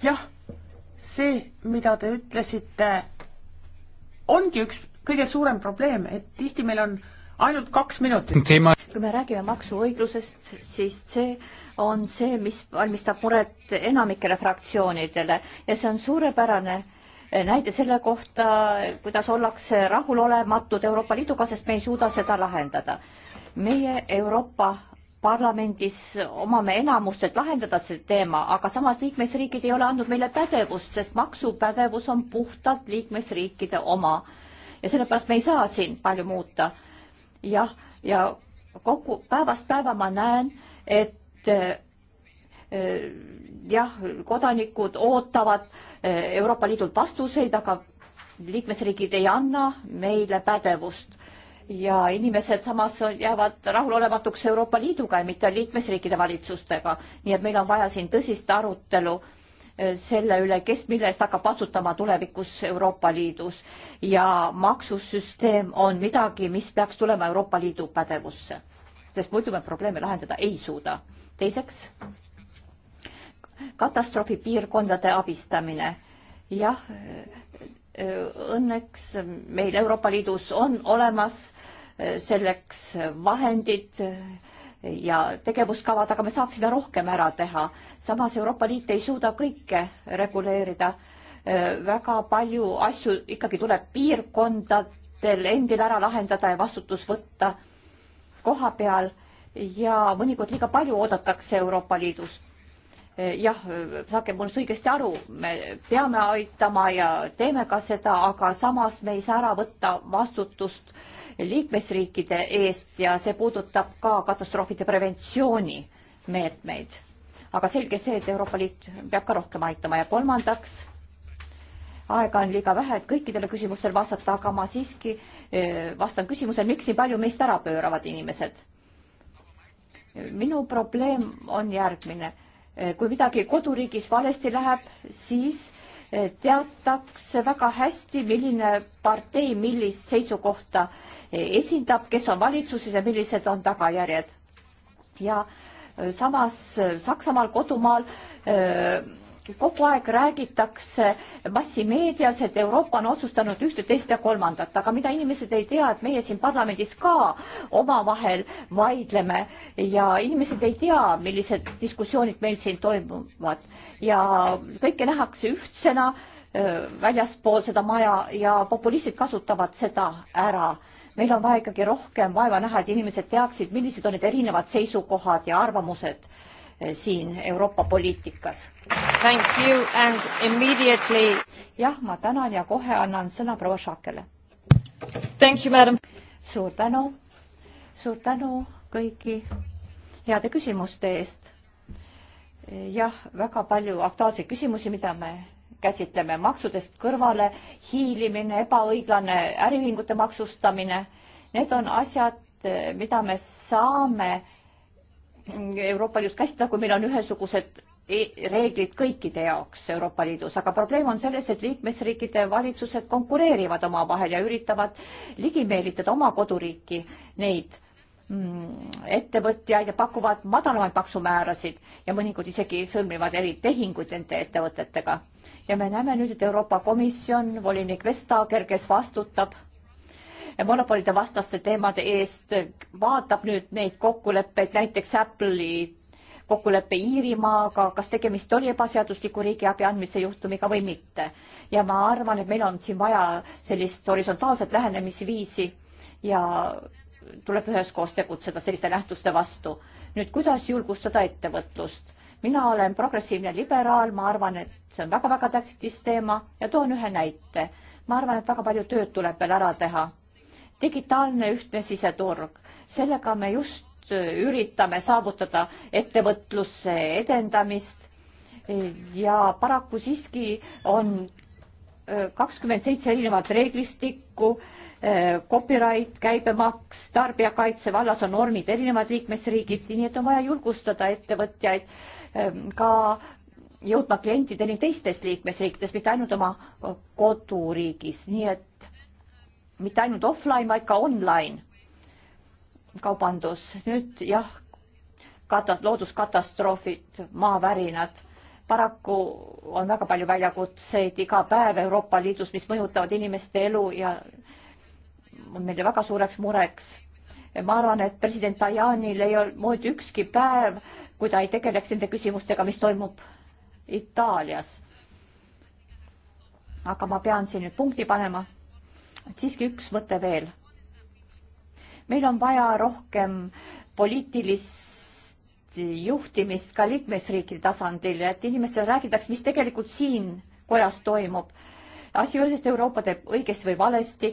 jah, see, mida te ütlesite, ongi üks kõige suurem probleem, et tihti meil on ainult kaks minutit. kui me räägime maksuõiglusest, siis see on see, mis valmistab muret enamikele fraktsioonidele ja see on suurepärane näide selle kohta, kuidas ollakse rahulolematud Euroopa Liiduga, sest me ei suuda seda lahendada. meie Euroopa parlamendis omame enamust, et lahendada see teema, aga samas liikmesriigid ei ole andnud meile pädevust, sest maksupädevus on puhtalt liikmesriikide oma ja sellepärast me ei saa siin palju muuta. jah, ja kogu päevast päeva ma näen, et äh, äh, jah, kodanikud ootavad äh, Euroopa Liidult vastuseid, aga liikmesriigid ei anna meile pädevust ja inimesed samas jäävad rahulolematuks Euroopa Liiduga ja mitte liikmesriikide valitsustega. nii et meil on vaja siin tõsist arutelu Äh, selle üle, kes mille eest hakkab vastutama tulevikus Euroopa Liidus ja maksusüsteem on midagi, mis peaks tulema Euroopa Liidu pädevusse, sest muidu me probleeme lahendada ei suuda. teiseks, katastroofipiirkondade abistamine. jah, äh, õnneks meil Euroopa Liidus on olemas äh, selleks vahendid ja tegevuskavad, aga me saaksime rohkem ära teha. samas Euroopa Liit ei suuda kõike reguleerida. Äh, väga palju asju ikkagi tuleb piirkondadel endil ära lahendada ja vastutus võtta koha peal ja mõnikord liiga palju oodatakse Euroopa Liidus. Äh, jah, saage minust õigesti aru, me peame aitama ja teeme ka seda, aga samas me ei saa ära võtta vastutust äh, liikmesriikide eest ja see puudutab ka katastroofide preventsiooni meetmeid. aga selge see, et Euroopa Liit peab ka rohkem aitama ja kolmandaks, aega on liiga vähe, et kõikidele küsimustele vastata, aga ma siiski eh, vastan küsimusele, miks nii palju meist ära pööravad inimesed. minu probleem on järgmine eh, kui midagi koduriigis valesti läheb, siis teatakse väga hästi, milline partei millist seisukohta esindab, kes on valitsuses ja millised on tagajärjed. ja äh, samas äh, Saksamaal, kodumaal äh, kogu aeg räägitakse massimeedias, et Euroopa on otsustanud ühte, teist ja kolmandat, aga mida inimesed ei tea, et meie siin parlamendis ka omavahel vaidleme ja inimesed ei tea, millised diskussioonid meil siin toimuvad ja kõike nähakse ühtsena väljaspool seda maja ja populistid kasutavad seda ära. meil on vaja ikkagi rohkem vaeva näha, et inimesed teaksid, millised on need erinevad seisukohad ja arvamused siin Euroopa poliitikas. Immediately... jah, ma tänan ja kohe annan sõna proua Šakele. suur tänu, suur tänu kõigi heade küsimuste eest jah, väga palju aktuaalseid küsimusi, mida me käsitleme, maksudest kõrvale hiilimine, ebaõiglane äriühingute maksustamine, need on asjad, mida me saame Euroopa Liidus käsitleda, kui meil on ühesugused e-, reeglid kõikide jaoks Euroopa Liidus, aga probleem on selles, et liikmesriikide valitsused konkureerivad omavahel ja üritavad ligi meelitada oma koduriiki neid Mm, ettevõtjaid ja pakuvad madalamaid maksumäärasid ja mõnikord isegi sõlmivad eritehinguid nende ettevõtetega. ja me näeme nüüd, et Euroopa Komisjon, volinik Vestager, kes vastutab monopolide vastaste teemade eest, vaatab nüüd neid kokkuleppeid, näiteks Apple'i kokkulepe Iirimaaga, kas tegemist oli ebaseadusliku riigiabi andmise juhtumiga või mitte. ja ma arvan, et meil on siin vaja sellist horisontaalset lähenemisviisi ja tuleb üheskoos tegutseda selliste nähtuste vastu. nüüd, kuidas julgustada ettevõtlust? mina olen progressiivne liberaal, ma arvan, et see on väga-väga tähtis teema ja toon ühe näite. ma arvan, et väga palju tööd tuleb veel ära teha. digitaalne ühtne siseturg, sellega me just üritame saavutada ettevõtluse edendamist ja paraku siiski on äh, kakskümmend seitse erinevat reeglistikku Eh, copyright, käibemaks, tarbijakaitse vallas on normid erinevad liikmesriigid, nii et on vaja julgustada ettevõtjaid eh, ka jõudma klientideni teistes liikmesriikides, mitte ainult oma koduriigis, nii et mitte ainult offline, vaid ka online kaubandus. nüüd jah, katas-, looduskatastroofid, maavärinad paraku on väga palju väljakutseid iga päev Euroopa Liidus, mis mõjutavad inimeste elu ja on meile väga suureks mureks. ma arvan, et president Tajanil ei olnud ükski päev, kui ta ei tegeleks nende küsimustega, mis toimub Itaalias. aga ma pean siin nüüd punkti panema. siiski üks mõte veel. meil on vaja rohkem poliitilist juhtimist ka liikmesriikide tasandil, et inimestele räägitakse, mis tegelikult siin kojas toimub asi ei ole, sest Euroopa teeb õigesti või valesti,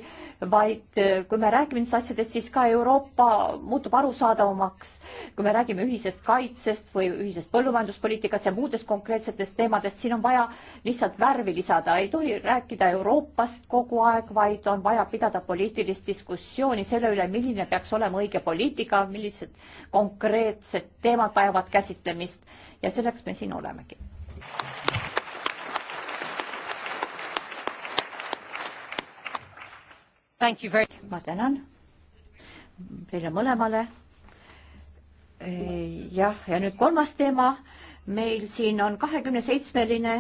vaid äh, kui me räägime nendest asjadest, siis ka Euroopa muutub arusaadavamaks. kui me räägime ühisest kaitsest või ühisest põllumajanduspoliitikast ja muudest konkreetsetest teemadest, siin on vaja lihtsalt värvi lisada, ei tohi rääkida Euroopast kogu aeg, vaid on vaja pidada poliitilist diskussiooni selle üle, milline peaks olema õige poliitika, millised konkreetsed teemad vajavad käsitlemist ja selleks me siin olemegi. ma tänan teile mõlemale. E, jah, ja nüüd kolmas teema. meil siin on kahekümne seitsmeline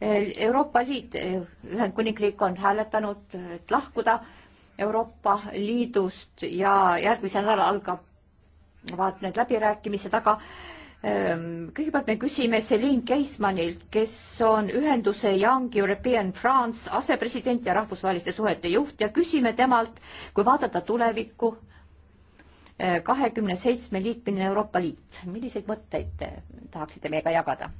e, Euroopa Liit, e, Ühendkuningriik on hääletanud, et lahkuda Euroopa Liidust ja järgmisel nädalal algavad need läbirääkimised, aga Ehm, kõigepealt me küsime Celine Keismanilt, kes on ühenduse Young European France asepresident ja rahvusvaheliste suhete juht ja küsime temalt, kui vaadata tulevikku, eh, kahekümne seitsme liikmeline Euroopa Liit, milliseid mõtteid te tahaksite meiega jagada?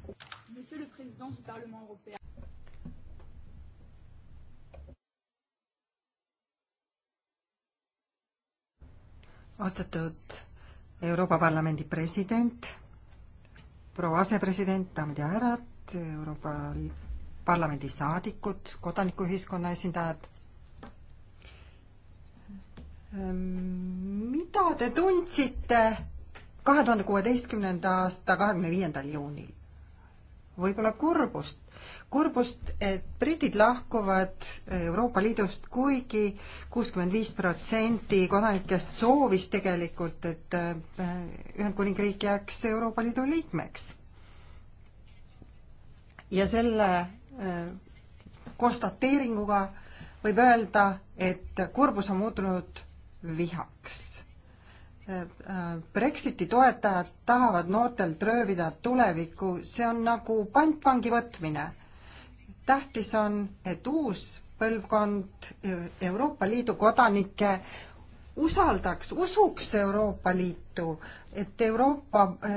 austatud Euroopa Parlamendi president proua asepresident, daamid ja härrad, Euroopa Parlamendi saadikud, kodanikuühiskonna esindajad. Ehm, mida te tundsite kahe tuhande kuueteistkümnenda aasta kahekümne viiendal juunil? võib-olla kurbust, kurbust, et britid lahkuvad äh, Euroopa Liidust kuigi, kuigi kuuskümmend viis protsenti kodanikest soovis tegelikult, et äh, Ühendkuningriik jääks Euroopa Liidu liikmeks. ja selle äh, konstateeringuga võib öelda, et kurbus on muutunud vihaks Brexiti toetajad tahavad noortelt röövida tulevikku, see on nagu pantvangi võtmine. tähtis on, et uus põlvkond e, Euroopa Liidu kodanikke usaldaks, usuks Euroopa Liitu, et Euroopa e,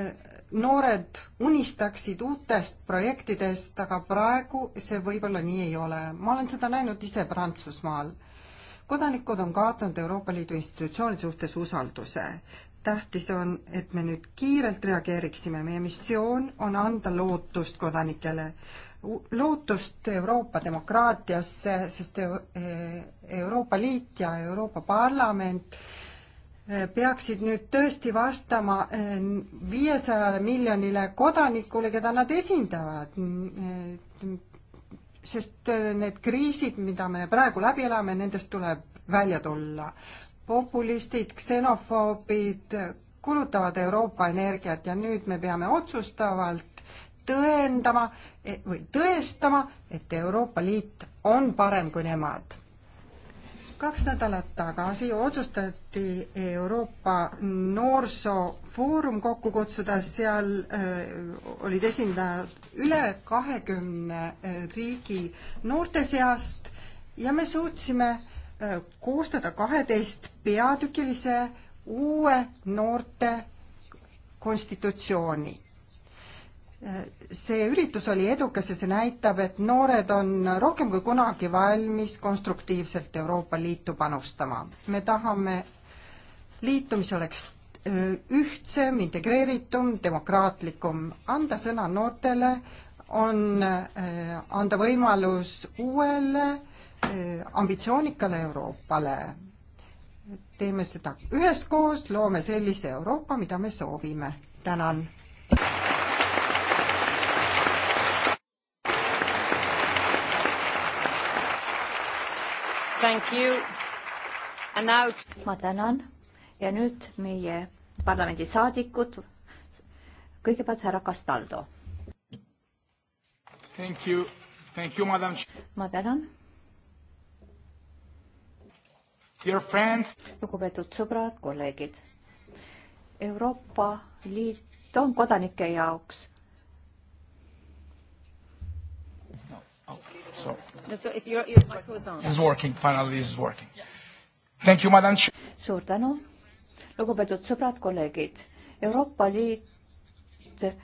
noored unistaksid uutest projektidest, aga praegu see võib-olla nii ei ole. ma olen seda näinud ise Prantsusmaal kodanikud on kaotanud Euroopa Liidu institutsioonide suhtes usalduse. tähtis on, et me nüüd kiirelt reageeriksime, meie missioon on anda lootust kodanikele, lootust Euroopa demokraatiasse, sest eh, Euroopa Liit ja Euroopa Parlament eh, peaksid nüüd tõesti vastama eh, viiesajale miljonile kodanikule, keda nad esindavad sest äh, need kriisid, mida me praegu läbi elame, nendest tuleb välja tulla. populistid, ksenofoobid kulutavad Euroopa energiat ja nüüd me peame otsustavalt tõendama e-, või tõestama, et Euroopa Liit on parem kui nemad kaks nädalat tagasi otsustati Euroopa Noorsoofoor kokku kutsuda, seal äh, olid esindajad üle kahekümne äh, riigi noorte seast ja me suutsime äh, koostada kaheteist peatükilise uue noorte konstitutsiooni see üritus oli edukas ja see näitab, et noored on rohkem kui kunagi valmis konstruktiivselt Euroopa Liitu panustama. me tahame liitu, mis oleks ühtsem, integreeritum, demokraatlikum, anda sõna noortele, on anda võimalus uuele ambitsioonikale Euroopale. teeme seda üheskoos, loome sellise Euroopa, mida me soovime. tänan! Now... ma tänan ja nüüd meie parlamendisaadikud. kõigepealt härra Castaldo. ma tänan. lugupeetud sõbrad, kolleegid. Euroopa Liit on kodanike jaoks So it, your, your mic was on. It's working, finally it's working. Thank you, madam. suur tänu, lugupeetud sõbrad, kolleegid. Euroopa Liit äh,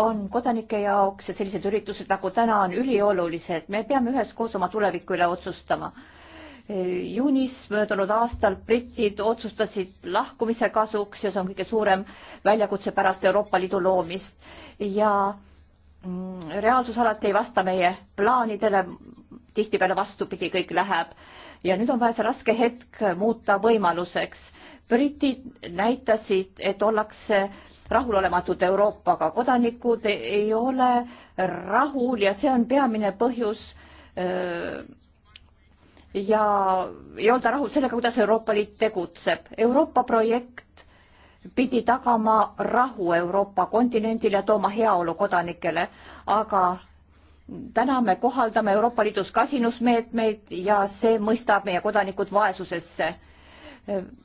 on kodanike jaoks ja sellised üritused nagu täna on üliolulised. me peame üheskoos oma tuleviku üle otsustama. Äh, juunis möödunud aastal britid otsustasid lahkumise kasuks ja see on kõige suurem väljakutse pärast Euroopa Liidu loomist ja Mm, reaalsus alati ei vasta meie plaanidele, tihtipeale vastupidi kõik läheb ja nüüd on vaja see raske hetk muuta võimaluseks. britid näitasid, et ollakse rahulolematud Euroopaga, kodanikud ei ole rahul ja see on peamine põhjus. Äh, ja ei olda rahul sellega, kuidas Euroopa Liit tegutseb. Euroopa projekt pidi tagama rahu Euroopa kontinendil ja tooma heaolu kodanikele, aga täna me kohaldame Euroopa Liidus kasinusmeetmeid ja see mõistab meie kodanikud vaesusesse.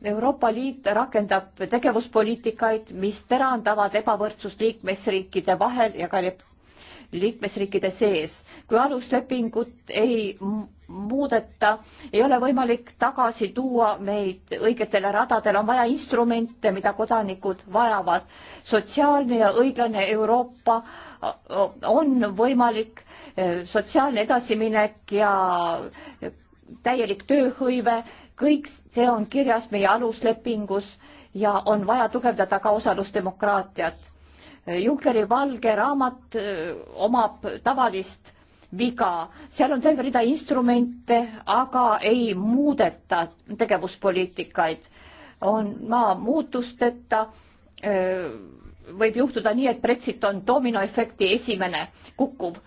Euroopa Liit rakendab tegevuspoliitikaid, mis terandavad ebavõrdsust liikmesriikide vahel ja ka liikmesriikide sees. kui aluslepingut ei muudeta, ei ole võimalik tagasi tuua meid õigetele radadele, on vaja instrumente, mida kodanikud vajavad. sotsiaalne ja õiglane Euroopa on võimalik, sotsiaalne edasiminek ja täielik tööhõive, kõik see on kirjas meie aluslepingus ja on vaja tugevdada ka osalusdemokraatiat. Junckeri valge raamat omab tavalist viga, seal on terve rida instrumente, aga ei muudeta tegevuspoliitikaid. on maa muutusteta, võib juhtuda nii, et Brexit on dominoefekti esimene kukkuv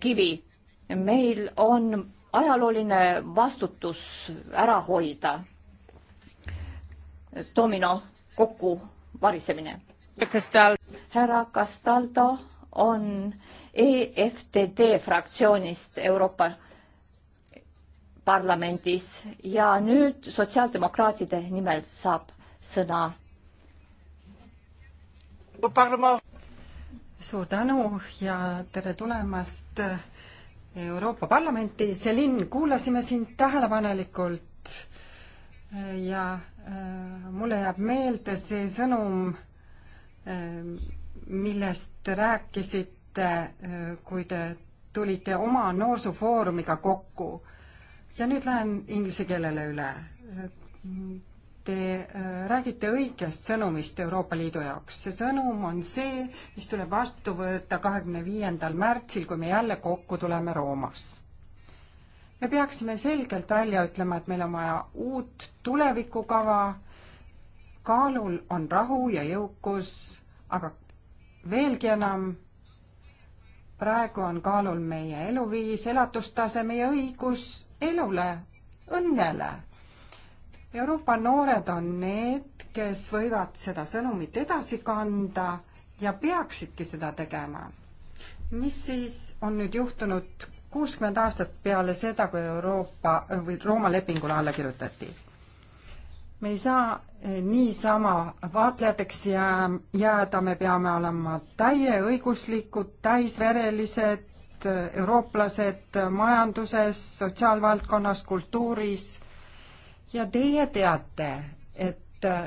kivi. meil on ajalooline vastutus ära hoida domino kokkuvarisemine. härra Castaldo on EFTD fraktsioonist Euroopa Parlamendis ja nüüd sotsiaaldemokraatide nimel saab sõna. suur tänu ja tere tulemast Euroopa Parlamenti. Selin, kuulasime sind tähelepanelikult ja äh, mulle jääb meelde see sõnum, äh, millest rääkisid Äh, kui te tulite oma noorsooфoorumiga kokku ja nüüd lähen inglise keelele üle. Te äh, räägite õigest sõnumist Euroopa Liidu jaoks. see sõnum on see, mis tuleb vastu võtta kahekümne viiendal märtsil, kui me jälle kokku tuleme Roomas. me peaksime selgelt välja ütlema, et meil on vaja uut tulevikukava, kaalul on rahu ja jõukus, aga veelgi enam praegu on kaalul meie eluviis, elatustase, meie õigus elule, õnnele. Euroopa noored on need, kes võivad seda sõnumit edasi kanda ja peaksidki seda tegema. mis siis on nüüd juhtunud kuuskümmend aastat peale seda, kui Euroopa või Rooma lepingule alla kirjutati? me ei saa eh, niisama vaatlejateks jää, jääda, me peame olema täieõiguslikud, täisverelised eh, eurooplased majanduses, sotsiaalvaldkonnas, kultuuris ja teie teate, et eh,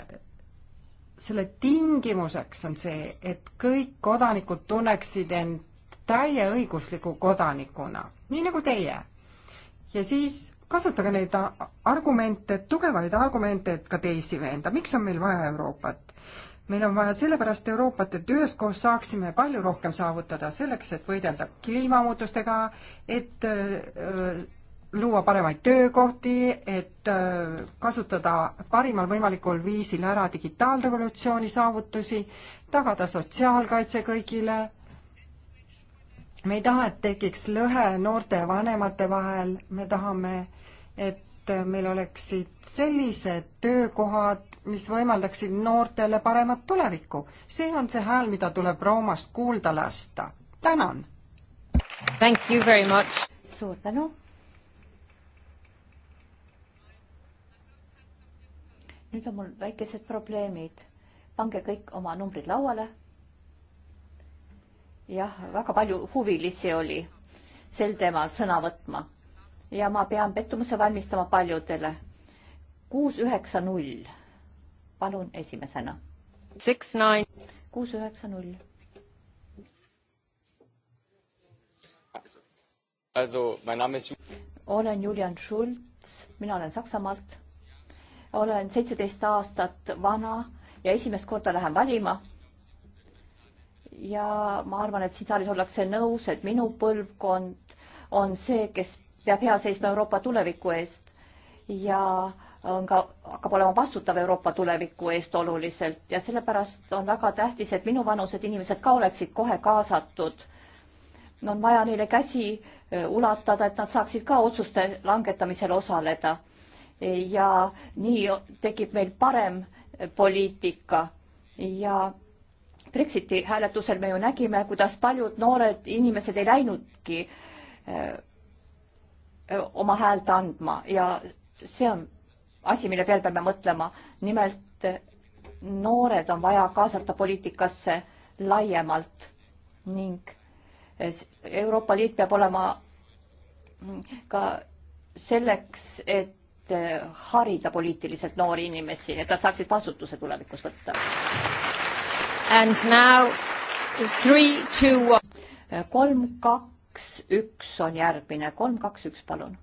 selle tingimuseks on see, et kõik kodanikud tunneksid end täieõigusliku kodanikuna, nii nagu teie. ja siis kasutage neid argumente, tugevaid argumente, et ka teisi veenda, miks on meil vaja Euroopat? meil on vaja sellepärast Euroopat, et üheskoos saaksime palju rohkem saavutada selleks, et võidelda kliimamuutustega, et äh, luua paremaid töökohti, et äh, kasutada parimal võimalikul viisil ära digitaalrevolutsiooni saavutusi, tagada sotsiaalkaitse kõigile. me ei taha, et tekiks lõhe noorte ja vanemate vahel, me tahame äh, et meil oleksid sellised töökohad, mis võimaldaksid noortele paremat tulevikku. see on see hääl, mida tuleb Roomast kuulda lasta. tänan! suur tänu! nüüd on mul väikesed probleemid. pange kõik oma numbrid lauale. jah, väga palju huvilisi oli sel teemal sõna võtma ja ma pean pettumuse valmistama paljudele. kuus, üheksa, null. palun esimesena. kuus, üheksa, null. olen Julian Schulz, mina olen Saksamaalt. olen seitseteist aastat vana ja esimest korda lähen valima ja ma arvan, et siin saalis ollakse nõus, et minu põlvkond on see, kes peab hea seisma Euroopa tuleviku eest ja on ka, hakkab olema vastutav Euroopa tuleviku eest oluliselt ja sellepärast on väga tähtis, et minuvanused inimesed ka oleksid kohe kaasatud. on vaja neile käsi e, ulatada, et nad saaksid ka otsuste langetamisel osaleda. E, ja nii tekib meil parem e, poliitika ja Brexiti hääletusel me ju nägime, kuidas paljud noored inimesed ei läinudki oma häält andma ja see on asi, mille peale peame mõtlema. nimelt noored on vaja kaasata poliitikasse laiemalt ning Euroopa Liit peab olema mm, ka selleks, et harida poliitiliselt noori inimesi, et nad saaksid vastutuse tulevikus võtta. kolm, kaks kaks, üks on järgmine, kolm, kaks, üks, palun.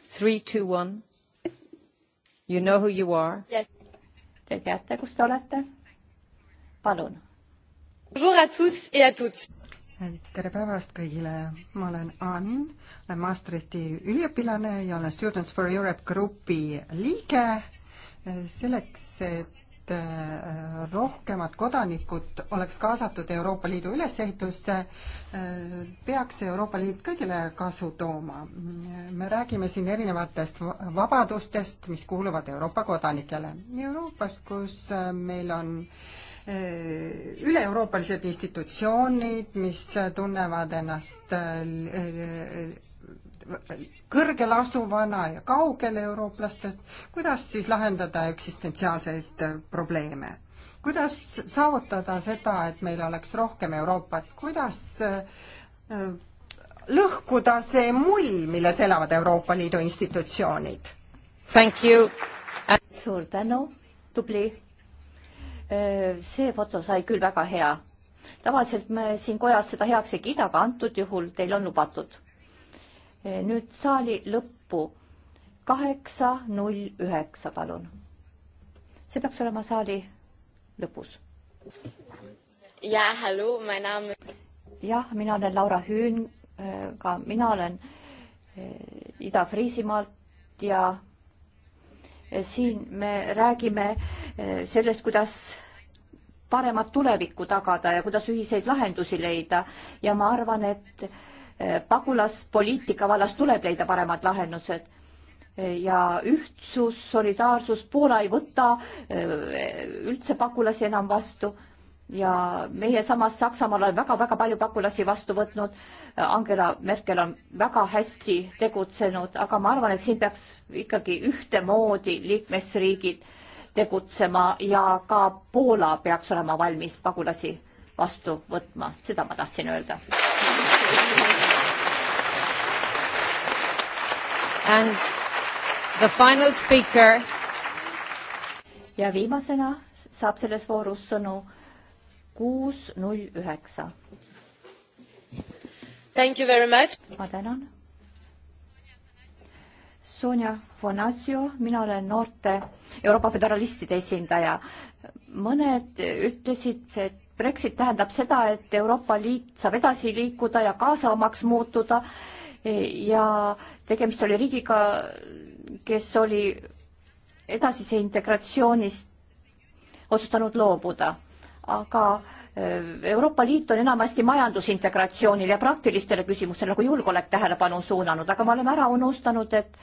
Three, two, one. You know who you are yes.. Te teate, kus te olete? palun. Bonjour à tous et à toutes tere päevast kõigile, ma olen Ann, olen Maastrichti üliõpilane ja olen Students for Europe grupi liige. selleks, et et äh, rohkemad kodanikud oleks kaasatud Euroopa Liidu ülesehitusse, äh, peaks Euroopa Liit kõigile kasu tooma. me räägime siin erinevatest vabadustest, mis kuuluvad Euroopa kodanikele. Euroopas, kus äh, meil on üle-euroopalised institutsioonid, mis tunnevad ennast kõrgel asuvana ja kaugel eurooplastest, kuidas siis lahendada eksistentsiaalseid äh, probleeme? kuidas saavutada seda, et meil oleks rohkem Euroopat, kuidas äh, äh, lõhkuda see mull, milles elavad Euroopa Liidu institutsioonid? Thank you And.... suur tänu, tubli. see foto sai küll väga hea. tavaliselt me siin kojas seda heaks ei kiida, aga antud juhul teil on lubatud Eh, nüüd saali lõppu. kaheksa, null, üheksa, palun. see peaks olema saali lõpus. ja, hallo, my name. jah, mina olen Laura Hüün, eh, ka mina olen eh, Ida-Friisimaalt ja siin me räägime sellest, kuidas paremat tulevikku tagada ja kuidas ühiseid lahendusi leida ja ma arvan, et Eh, pagulaspoliitika vallas tuleb leida paremad lahendused eh, ja ühtsus, solidaarsus, Poola ei võta eh, üldse pagulasi enam vastu ja meie samas Saksamaal on väga-väga palju pagulasi vastu võtnud. Angela Merkel on väga hästi tegutsenud, aga ma arvan, et siin peaks ikkagi ühtemoodi liikmesriigid tegutsema ja ka Poola peaks olema valmis pagulasi vastu võtma, seda ma tahtsin öelda. And the final speaker. ja viimasena saab selles voorus sõnu kuus null üheksa. Thank you very much. ma tänan. Sonja Fonasio, mina olen noorte Euroopa föderalistide esindaja. mõned ütlesid, et Brexit tähendab seda, et Euroopa Liit saab edasi liikuda ja kaasavamaks muutuda ja tegemist oli riigiga, kes oli edasise integratsioonist otsustanud loobuda, aga äh, Euroopa Liit on enamasti majandusintegratsioonile ja praktilistele küsimustele nagu julgeolek tähelepanu suunanud, aga me oleme ära unustanud, et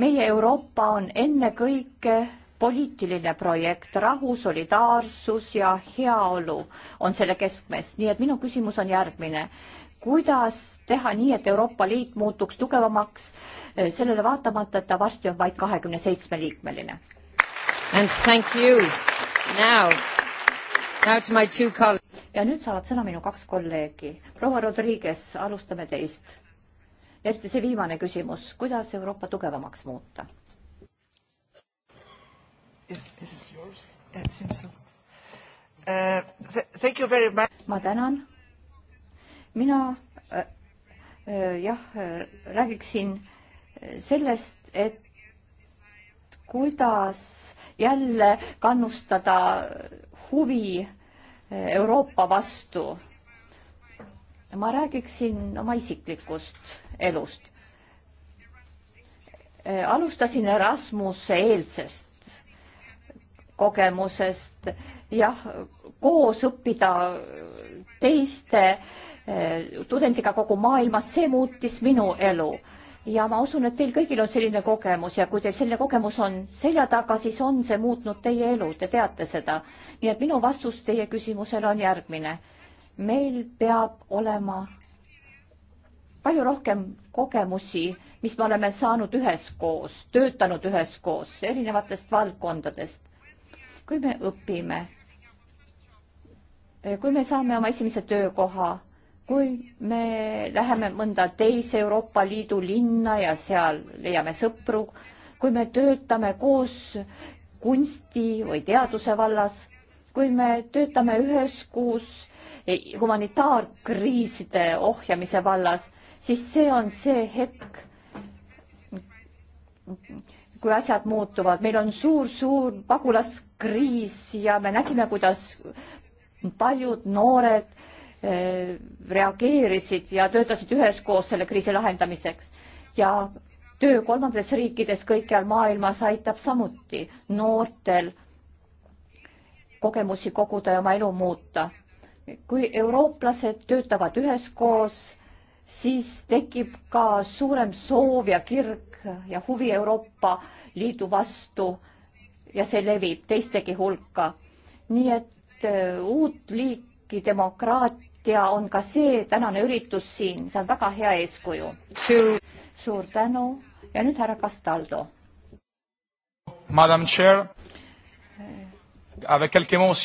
meie Euroopa on ennekõike poliitiline projekt, rahu, solidaarsus ja heaolu on selle keskmes, nii et minu küsimus on järgmine kuidas teha nii, et Euroopa Liit muutuks tugevamaks, eh, sellele vaatamata, et ta varsti on vaid kahekümne seitsme liikmeline. ja nüüd saavad sõna minu kaks kolleegi. proua Rodriguez, alustame teist. eriti see viimane küsimus, kuidas Euroopa tugevamaks muuta? Uh, ma tänan mina äh, äh, jah, räägiksin sellest, et kuidas jälle kannustada huvi äh, Euroopa vastu. ma räägiksin oma isiklikust elust. Äh, alustasin Erasmuse eelsest kogemusest, jah, koos õppida teiste äh, Eh, tudendiga kogu maailmas, see muutis minu elu. ja ma usun, et teil kõigil on selline kogemus ja kui teil selline kogemus on selja taga, siis on see muutnud teie elu, te teate seda. nii et minu vastus teie küsimusele on järgmine. meil peab olema palju rohkem kogemusi, mis me oleme saanud üheskoos, töötanud üheskoos erinevatest valdkondadest. kui me õpime, eh, kui me saame oma esimese töökoha kui me läheme mõnda teise Euroopa Liidu linna ja seal leiame sõpru, kui me töötame koos kunsti või teaduse vallas, kui me töötame üheskoos humanitaarkriiside ohjamise vallas, siis see on see hetk, kui asjad muutuvad. meil on suur-suur pagulaskriis ja me nägime, kuidas paljud noored reageerisid ja töötasid üheskoos selle kriisi lahendamiseks ja töö kolmandates riikides kõikjal maailmas aitab samuti noortel kogemusi koguda ja oma elu muuta. kui eurooplased töötavad üheskoos, siis tekib ka suurem soov ja kirg ja huvi Euroopa Liidu vastu ja see levib teistegi hulka. nii et äh, uut liiki demokraatia ja on ka see tänane üritus siin, see on väga hea eeskuju. suur tänu ja nüüd härra Castaldo. Madam Chair, avec quelques mots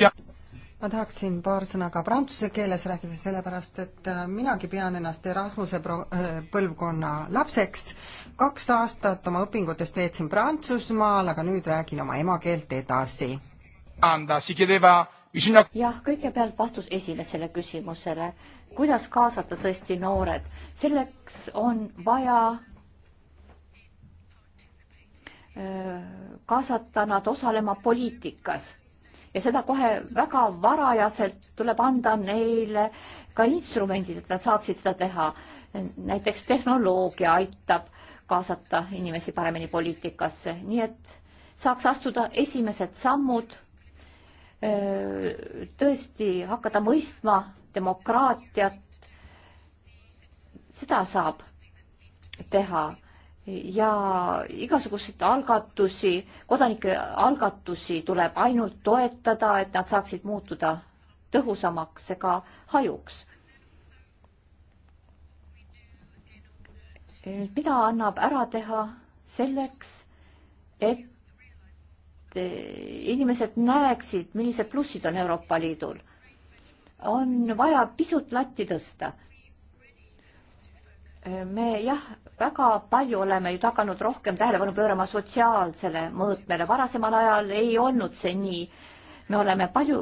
ma tahaksin paar sõna ka prantsuse keeles rääkida, sellepärast et äh, minagi pean ennast Erasmuse pro-, äh, põlvkonna lapseks. kaks aastat oma õpingutest veetsin Prantsusmaal, aga nüüd räägin oma emakeelt edasi jah, kõigepealt vastus esimesele küsimusele. kuidas kaasata tõesti noored? selleks on vaja kaasata nad osalema poliitikas ja seda kohe väga varajaselt tuleb anda neile ka instrumendid, et nad saaksid seda teha. näiteks tehnoloogia aitab kaasata inimesi paremini poliitikasse, nii et saaks astuda esimesed sammud tõesti hakata mõistma demokraatiat, seda saab teha ja igasuguseid algatusi, kodanike algatusi tuleb ainult toetada, et nad saaksid muutuda tõhusamaks ega hajuks. mida annab ära teha selleks, et Eh, inimesed näeksid, millised plussid on Euroopa Liidul. on vaja pisut latti tõsta. Eh, me jah, väga palju oleme ju taganud rohkem tähelepanu pöörama sotsiaalsele mõõtmele, varasemal ajal ei olnud see nii me oleme palju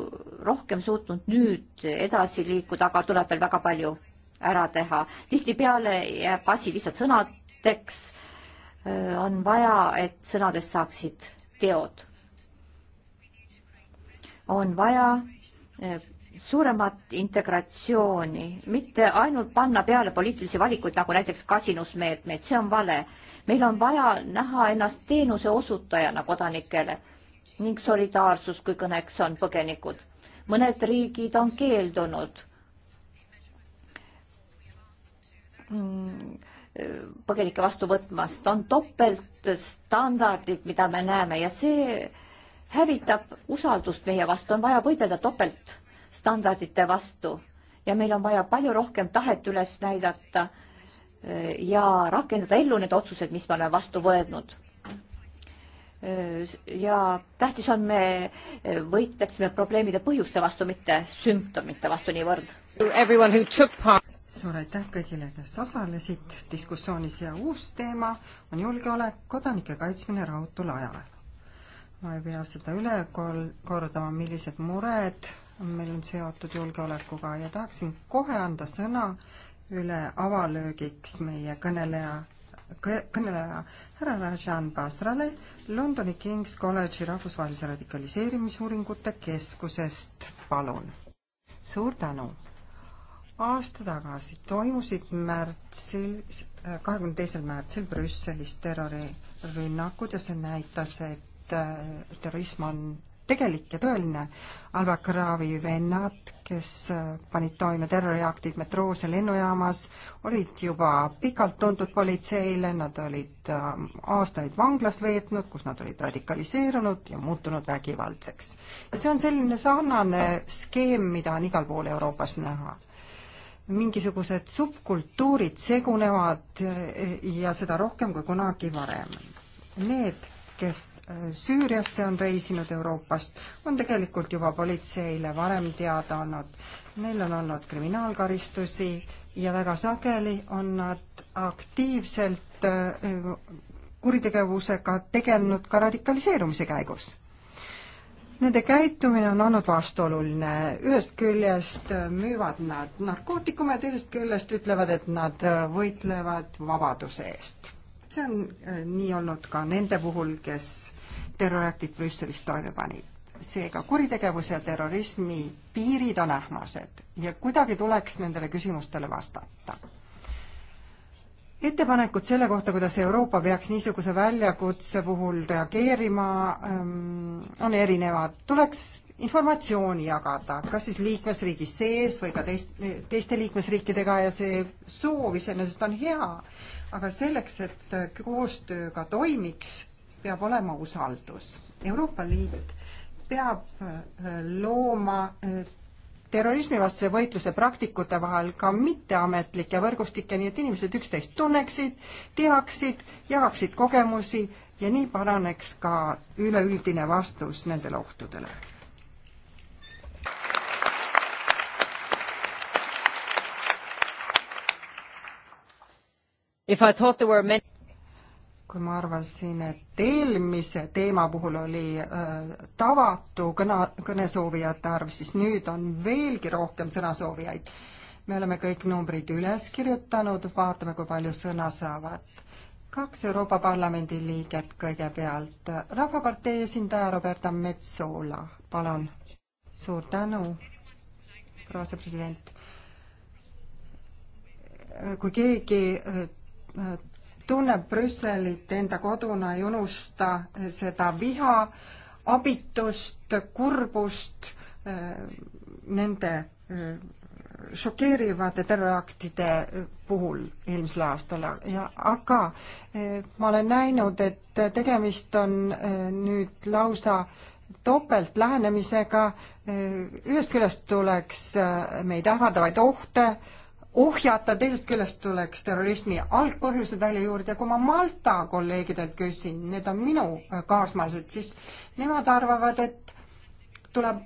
rohkem suutnud nüüd edasi liikuda, aga tuleb veel väga palju ära teha. tihtipeale jääb asi lihtsalt sõnadeks. Eh, on vaja, et sõnadest saaksid teod on vaja eh, suuremat integratsiooni, mitte ainult panna peale poliitilisi valikuid, nagu näiteks kasinusmeetmeid, see on vale. meil on vaja näha ennast teenuse osutajana kodanikele ning solidaarsus, kui kõneks on põgenikud. mõned riigid on keeldunud mm, põgenikke vastu võtmast, on topeltstandardid, mida me näeme ja see hävitab usaldust meie vastu, on vaja võidelda topeltstandardite vastu ja meil on vaja palju rohkem tahet üles näidata eh, ja rakendada ellu need otsused, mis me oleme vastu võetud. Eh, ja tähtis on, me võitleksime probleemide põhjuste vastu, mitte sümptomite vastu niivõrd. suur aitäh kõigile, kes osalesid diskussioonis ja uus teema on julgeolek, kodanike kaitsmine rahutul ajal ma ei pea seda üle kol-, kordama, millised mured meil on seotud julgeolekuga ja tahaksin kohe anda sõna üle avalöögiks meie kõneleja, kõneleja härra Rajan Basrale Londoni King's College'i rahvusvahelise radikaliseerimisuuringute keskusest, palun. suur tänu. aasta tagasi toimusid märtsil, kahekümne teisel märtsil Brüsselis terrorirünnakud ja see näitas, et et äh, terrorism on tegelik ja tõeline. Al-Bakravi vennad, kes äh, panid toime terroriaktid metroos ja lennujaamas, olid juba pikalt tuntud politseile, nad olid äh, aastaid vanglas veetnud, kus nad olid radikaliseerunud ja muutunud vägivaldseks. ja see on selline sarnane skeem, mida on igal pool Euroopas näha mingisugused subkultuurid segunevad ja seda rohkem kui kunagi varem. Need, kes Süüriasse on reisinud Euroopast, on tegelikult juba politseile varem teada olnud. Neil on olnud kriminaalkaristusi ja väga sageli on nad aktiivselt äh, kuritegevusega tegelenud ka radikaliseerumise käigus Nende käitumine on olnud vastuoluline, ühest küljest äh, müüvad nad narkootikume, teisest küljest ütlevad, et nad äh, võitlevad vabaduse eest. see on nii olnud ka nende puhul, kes terroriaktid Brüsselis toime panid. seega kuritegevuse ja terrorismi piirid on ähmased ja kuidagi tuleks nendele küsimustele vastata ettepanekud selle kohta, kuidas Euroopa peaks niisuguse väljakutse puhul reageerima, ähm, on erinevad. tuleks informatsiooni jagada, kas siis liikmesriigi sees või ka teist, teiste liikmesriikidega ja see soov iseenesest on hea, aga selleks, et koostöö ka toimiks, peab olema usaldus. Euroopa Liit peab äh, looma äh, terrorismivastase võitluse praktikute vahel ka mitteametlikke võrgustikke, nii et inimesed üksteist tunneksid, teaksid, jagaksid kogemusi ja nii paraneks ka üleüldine vastus nendele ohtudele. If I thought there were many kui ma arvasin, et eelmise teema puhul oli äh, tavatu kõne, kõnesoovijate arv, siis nüüd on veelgi rohkem sõnasoovijaid. me oleme kõik numbrid üles kirjutanud, vaatame, kui palju sõna saavad. kaks Euroopa Parlamendi liiget kõigepealt. rahvapartei esindaja Roberta Metsola, palun. suur tänu, proua asepresident. kui keegi äh, tunneb Brüsselit enda koduna, ei unusta eh, seda viha, abitust, kurbust eh, nende eh, šokeerivate terroriaktide puhul eelmisel aastal ja aga ma olen näinud, et tegemist on nüüd lausa topeltlähenemisega, ühest küljest tuleks meid ähvardavaid ohte ohjata, teisest küljest tuleks terrorismi algpõhjused välja juurde ja kui ma Malta kolleegidelt küsin, need on minu äh, kaasmaalased, siis nemad arvavad, et tuleb,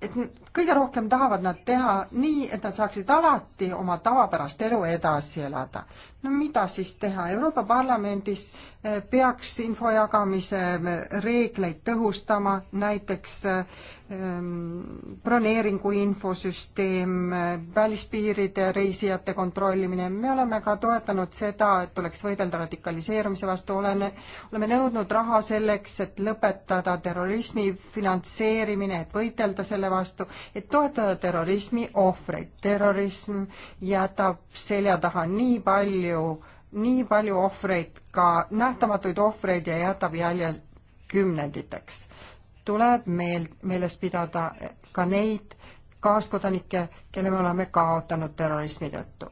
et kõige rohkem tahavad nad teha nii, et nad saaksid alati oma tavapärast elu edasi elada. no mida siis teha, Euroopa Parlamendis eh, peaks info jagamise eh, reegleid tõhustama, näiteks eh, ehm, broneeringu infosüsteem, välispiiride reisijate kontrollimine, me oleme ka toetanud seda, et tuleks võidelda radikaliseerumise vastu, oleme, oleme nõudnud raha selleks, et lõpetada terrorismi finantseerimine, et võidelda selle vastu, et toetada terrorismi ohvreid. terrorism jätab selja taha nii palju, nii palju ohvreid, ka nähtamatuid ohvreid ja jätab jälje kümnenditeks. tuleb meil, meeles pidada ka neid kaaskodanikke, kelle me oleme kaotanud terrorismi tõttu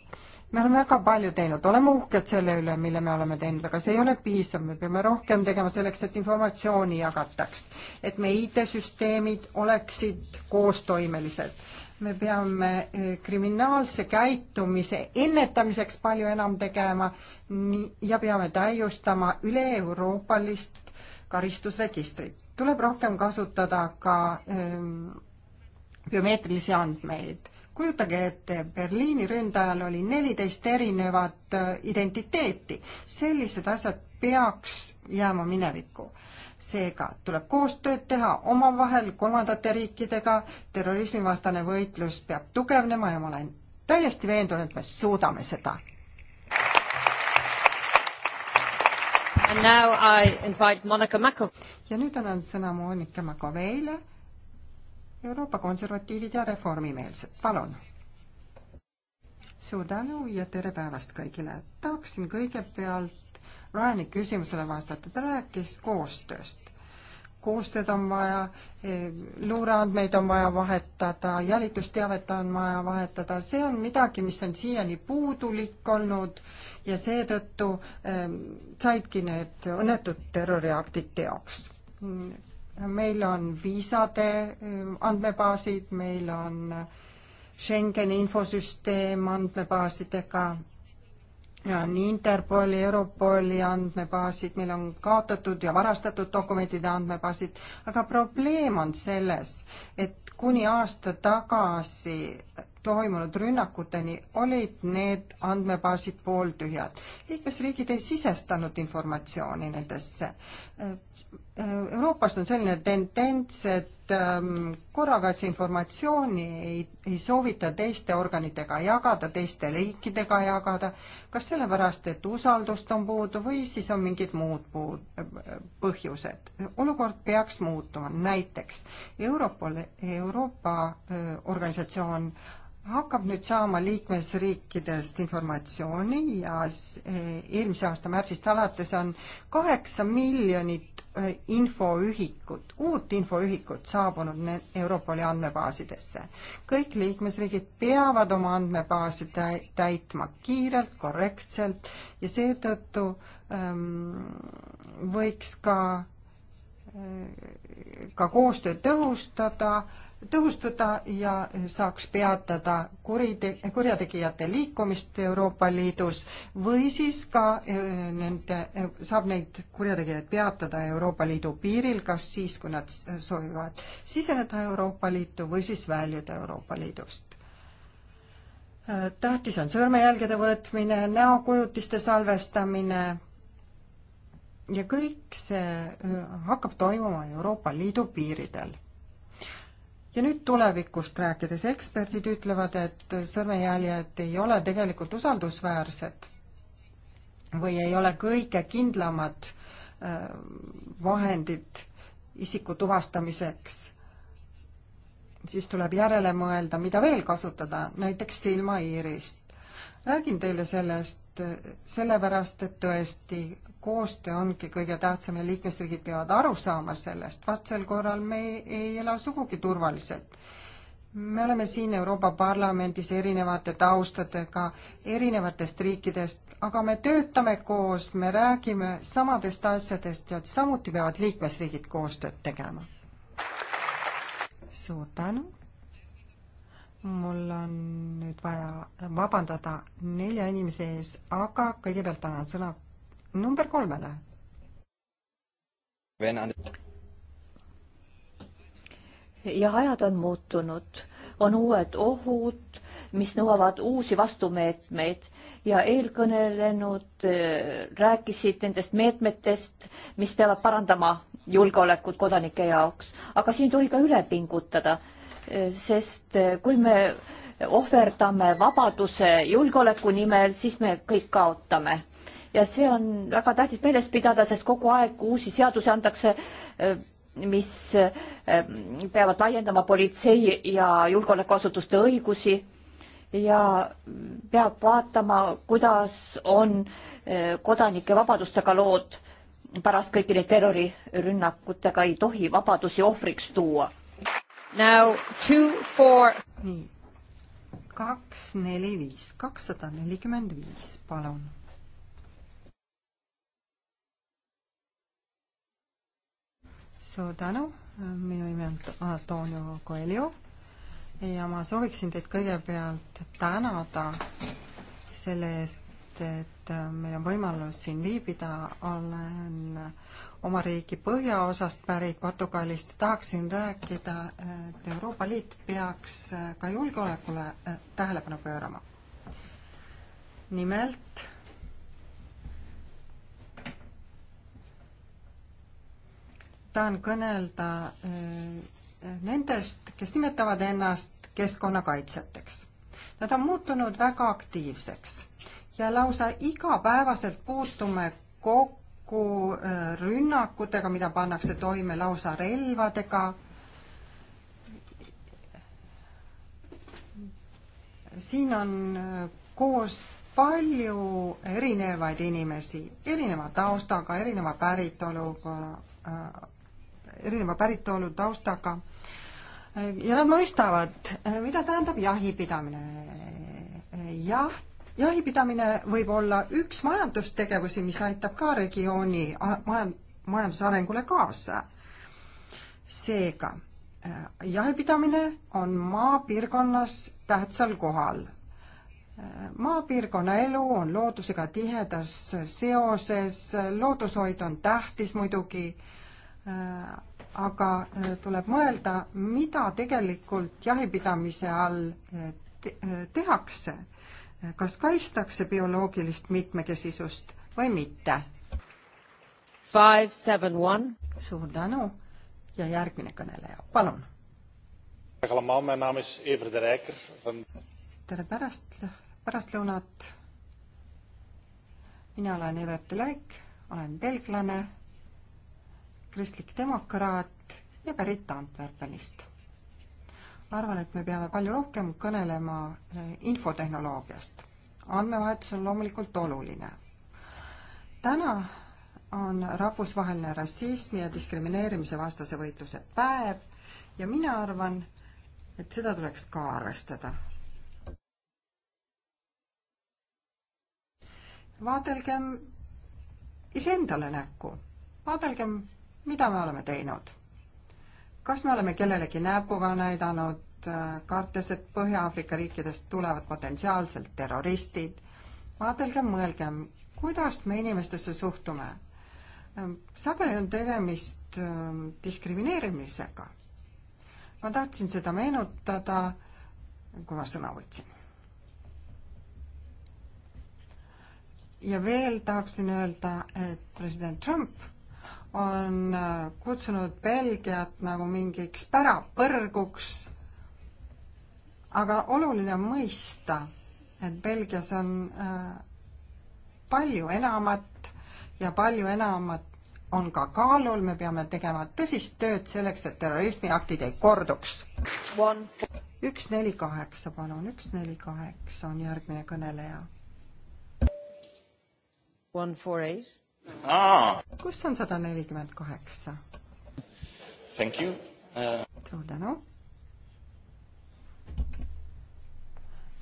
me oleme väga palju teinud, oleme uhked selle üle, mille me oleme teinud, aga see ei ole piisav, me peame rohkem tegema selleks, et informatsiooni jagataks, et meie IT-süsteemid oleksid koostoimelised. me peame eh, kriminaalse käitumise ennetamiseks palju enam tegema ja peame täiustama üle-euroopalist karistusregistrit. tuleb rohkem kasutada ka öö, ehm, biomeetrilisi andmeid kujutage ette, Berliini ründajal oli neliteist erinevat äh, identiteeti. sellised asjad peaks jääma minevikku. seega tuleb koostööd teha omavahel kolmandate riikidega, terrorismivastane võitlus peab tugevnema ja ma olen täiesti veendunud, et me suudame seda. ja nüüd annan sõna Monika Makoveile Euroopa konservatiivid ja reformimeelsed, palun. suur tänu ja tere päevast kõigile. tahaksin kõigepealt Ryan'i küsimusele vastata, ta rääkis koostööst. koostööd on vaja, eh, luureandmeid on vaja vahetada, jälitusteavet on vaja vahetada, see on midagi, mis on siiani puudulik olnud ja seetõttu ähm, saidki need õnnetud terroriaktid teoks meil on viisade ähm, andmebaasid, meil on äh, Schengeni infosüsteem andmebaasidega, on Interpoli, Europoli andmebaasid, meil on kaotatud ja varastatud dokumentide andmebaasid, aga probleem on selles, et kuni aasta tagasi toimunud rünnakuteni olid need andmebaasid pooltühjad. liikmesriigid ei sisestanud informatsiooni nendesse. Euroopas on selline tendents, et ähm, korrakaitseinformatsiooni ei, ei soovita teiste organitega jagada, teiste riikidega jagada, kas sellepärast, et usaldust on puudu või siis on mingid muud puud-, põhjused. olukord peaks muutuma, näiteks Europol, Euroopa äh, organisatsioon hakkab nüüd saama liikmesriikidest informatsiooni ja eh, eelmise aasta märtsist alates on kaheksa miljonit eh, infoühikut, uut infoühikut saabunud Europoli andmebaasidesse. kõik liikmesriigid peavad oma andmebaasi täitma kiirelt, korrektselt ja seetõttu ähm, võiks ka äh, ka koostööd tõhustada äh, tõhustada ja saaks peatada kurite-, kurjategijate liikumist Euroopa Liidus või siis ka eh, nende, saab neid kurjategijaid peatada Euroopa Liidu piiril, kas siis, kui nad soovivad siseneda Euroopa Liitu või siis väljuda Euroopa Liidust. Eh, tähtis on sõrmejälgede võtmine, näokujutiste salvestamine ja kõik see eh, hakkab toimuma Euroopa Liidu piiridel ja nüüd tulevikust rääkides, eksperdid ütlevad, et sõrmejäljed ei ole tegelikult usaldusväärsed või ei ole kõige kindlamad äh, vahendid isiku tuvastamiseks, siis tuleb järele mõelda, mida veel kasutada, näiteks silmaiirist. räägin teile sellest äh, sellepärast, et tõesti koostöö ongi kõige tähtsam ja liikmesriigid peavad aru saama sellest, vastasel korral me ei, ei ela sugugi turvaliselt. me oleme siin Euroopa Parlamendis erinevate taustadega erinevatest riikidest, aga me töötame koos, me räägime samadest asjadest ja samuti peavad liikmesriigid koostööd tegema. suur tänu mul on nüüd vaja vabandada nelja inimese ees, aga kõigepealt annan sõna number kolmele. jah, ajad on muutunud, on uued ohud, mis nõuavad uusi vastumeetmeid ja eelkõnelenud eh, rääkisid nendest meetmetest, mis peavad parandama julgeolekut kodanike jaoks, aga siin ei tohi ka üle pingutada, eh, sest eh, kui me ohverdame vabaduse julgeoleku nimel, siis me kõik kaotame ja see on väga tähtis meeles pidada, sest kogu aeg uusi seadusi antakse, eh, mis eh, peavad laiendama politsei ja julgeolekuasutuste õigusi ja peab vaatama, kuidas on eh, kodanike vabadustega lood pärast kõiki neid terrorirünnakutega ei tohi vabadusi ohvriks tuua. Now two, four. nii, kaks, neli, viis, kakssada nelikümmend viis, palun suur tänu, minu nimi on Antonio Coelho ja ma sooviksin teid kõigepealt tänada selle eest, et meil on võimalus siin viibida, olen oma riigi põhjaosast pärit Portugalist ja tahaksin rääkida, et Euroopa Liit peaks ka julgeolekule tähelepanu pöörama. nimelt tahan kõnelda äh, nendest, kes nimetavad ennast keskkonnakaitsjateks. Nad on muutunud väga aktiivseks ja lausa igapäevaselt puutume kokku äh, rünnakutega, mida pannakse toime lausa relvadega. siin on äh, koos palju erinevaid inimesi, erineva taustaga, erineva päritoluga erineva päritolu taustaga ja nad mõistavad, mida tähendab jahipidamine. jah, jahipidamine võib olla üks majandustegevusi, mis aitab ka regiooni majandusarengule kaasa. seega, jahipidamine on maapiirkonnas tähtsal kohal maapiirkonna elu on loodusega tihedas seoses, loodushoid on tähtis muidugi, aga äh, tuleb mõelda, mida tegelikult jahipidamise all äh, te äh, tehakse. kas kaitstakse bioloogilist mitmekesisust või mitte? suur tänu ja järgmine kõneleja, palun. tere pärast, pärastlõunat. mina olen Evert Laik, olen belglane kristlik demokraat ja pärit Antwerpenist. arvan, et me peame palju rohkem kõnelema eh, infotehnoloogiast. andmevahetus on loomulikult oluline. täna on rahvusvaheline rassismi ja diskrimineerimise vastase võitluse päev ja mina arvan, et seda tuleks ka arvestada. vaadelgem iseendale näkku, vaadelgem mida me oleme teinud? kas me oleme kellelegi näpuga näidanud, äh, kartes, et Põhja-Aafrika riikidest tulevad potentsiaalselt terroristid? vaadelgem, mõelgem, kuidas me inimestesse suhtume? Ähm, sageli on tegemist ähm, diskrimineerimisega. ma tahtsin seda meenutada, kui ma sõna võtsin. ja veel tahaksin öelda, et president Trump on äh, kutsunud Belgiat nagu mingiks pärapõrguks. aga oluline on mõista, et Belgias on äh, palju enamat ja palju enamat on ka kaalul, me peame tegema tõsist tööd selleks, et terrorismiaktid ei korduks. üks neli kaheksa, palun, üks neli kaheksa on järgmine kõneleja. One four eight kus on sada nelikümmend kaheksa? Thank you uh.... suur tänu.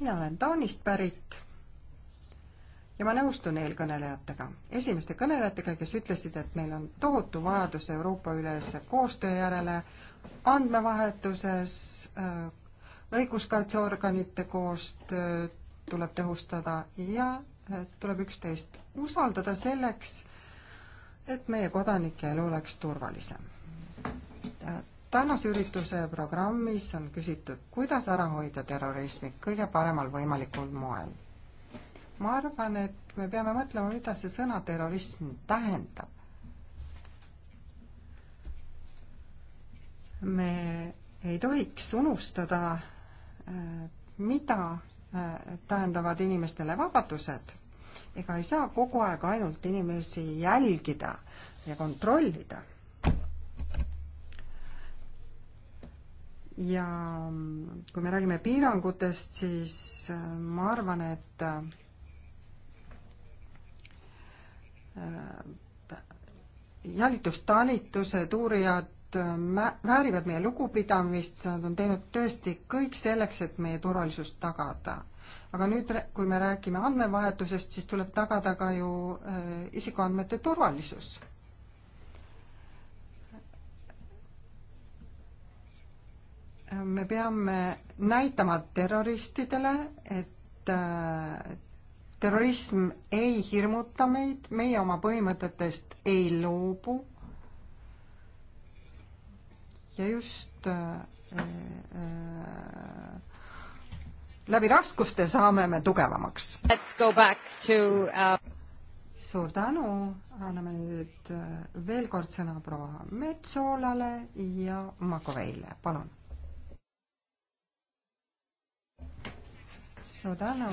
mina olen Taanist pärit ja ma nõustun eelkõnelejatega, esimeste kõnelejatega, kes ütlesid, et meil on tohutu vajadus Euroopa-ülese koostöö järele, andmevahetuses, äh, õiguskaitseorganite koostööd tuleb tõhustada ja äh, tuleb üksteist usaldada selleks, et meie kodanike elu oleks turvalisem. tänase ürituse programmis on küsitud, kuidas ära hoida terrorismi kõige paremal võimalikul moel. ma arvan, et me peame mõtlema, mida see sõna terrorism tähendab. me ei tohiks unustada, eh, mida eh, tähendavad inimestele vabadused ega ei saa kogu aeg ainult inimesi jälgida ja kontrollida. ja kui me räägime piirangutest, siis äh, ma arvan, et äh, jälitustalitused, uurijad äh, väärivad meie lugupidamist, nad on teinud tõesti kõik selleks, et meie turvalisust tagada aga nüüd, kui me räägime andmevahetusest, siis tuleb tagada ka ju äh, isikuandmete turvalisus. me peame näitama terroristidele, et äh, terrorism ei hirmuta meid, meie oma põhimõtetest ei loobu. ja just äh, äh, läbi raskuste saame me tugevamaks. Uh... suur tänu, anname nüüd uh, veel kord sõna proua Metsoolale ja Makoveile, palun. suur tänu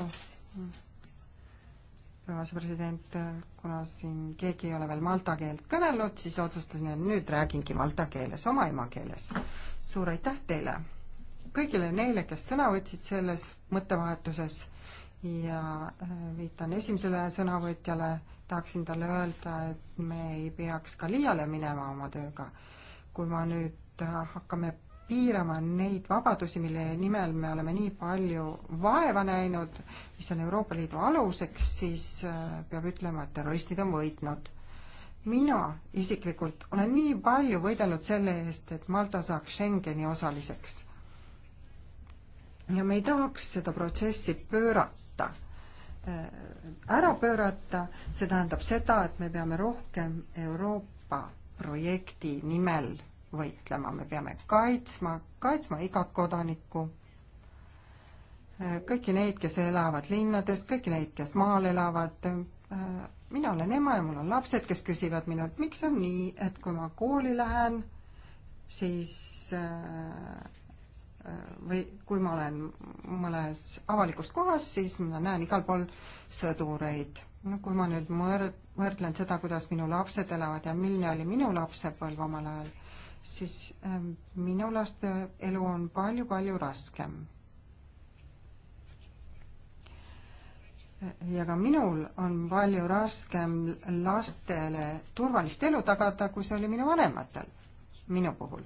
proua asepresident, kuna siin keegi ei ole veel malta keelt kõnelnud, siis otsustasin, et nüüd räägingi malta keeles, oma emakeeles. suur aitäh teile! kõigile neile, kes sõna võtsid selles mõttevahetuses ja äh, viitan esimesele sõnavõtjale, tahaksin talle öelda, et me ei peaks ka liiale minema oma tööga. kui ma nüüd äh, hakkame piirama neid vabadusi, mille nimel me oleme nii palju vaeva näinud, mis on Euroopa Liidu aluseks, siis äh, peab ütlema, et terroristid on võitnud. mina isiklikult olen nii palju võidelnud selle eest, et Malta saaks Schengeni osaliseks ja me ei tahaks seda protsessi pöörata, äh, ära pöörata, see tähendab seda, et me peame rohkem Euroopa projekti nimel võitlema, me peame kaitsma, kaitsma igat kodanikku, äh, kõiki neid, kes elavad linnades, kõiki neid, kes maal elavad, äh, mina olen ema ja mul on lapsed, kes küsivad minult, miks on nii, et kui ma kooli lähen, siis äh, või kui ma olen mõnes avalikus kohas, siis ma näen igal pool sõdureid. no kui ma nüüd mõr-, võrdlen seda, kuidas minu lapsed elavad ja milline oli minu lapsepõlv omal ajal, siis ähm, minu laste elu on palju-palju raskem. ja ka minul on palju raskem lastele turvalist elu tagada, kui see oli minu vanematel, minu puhul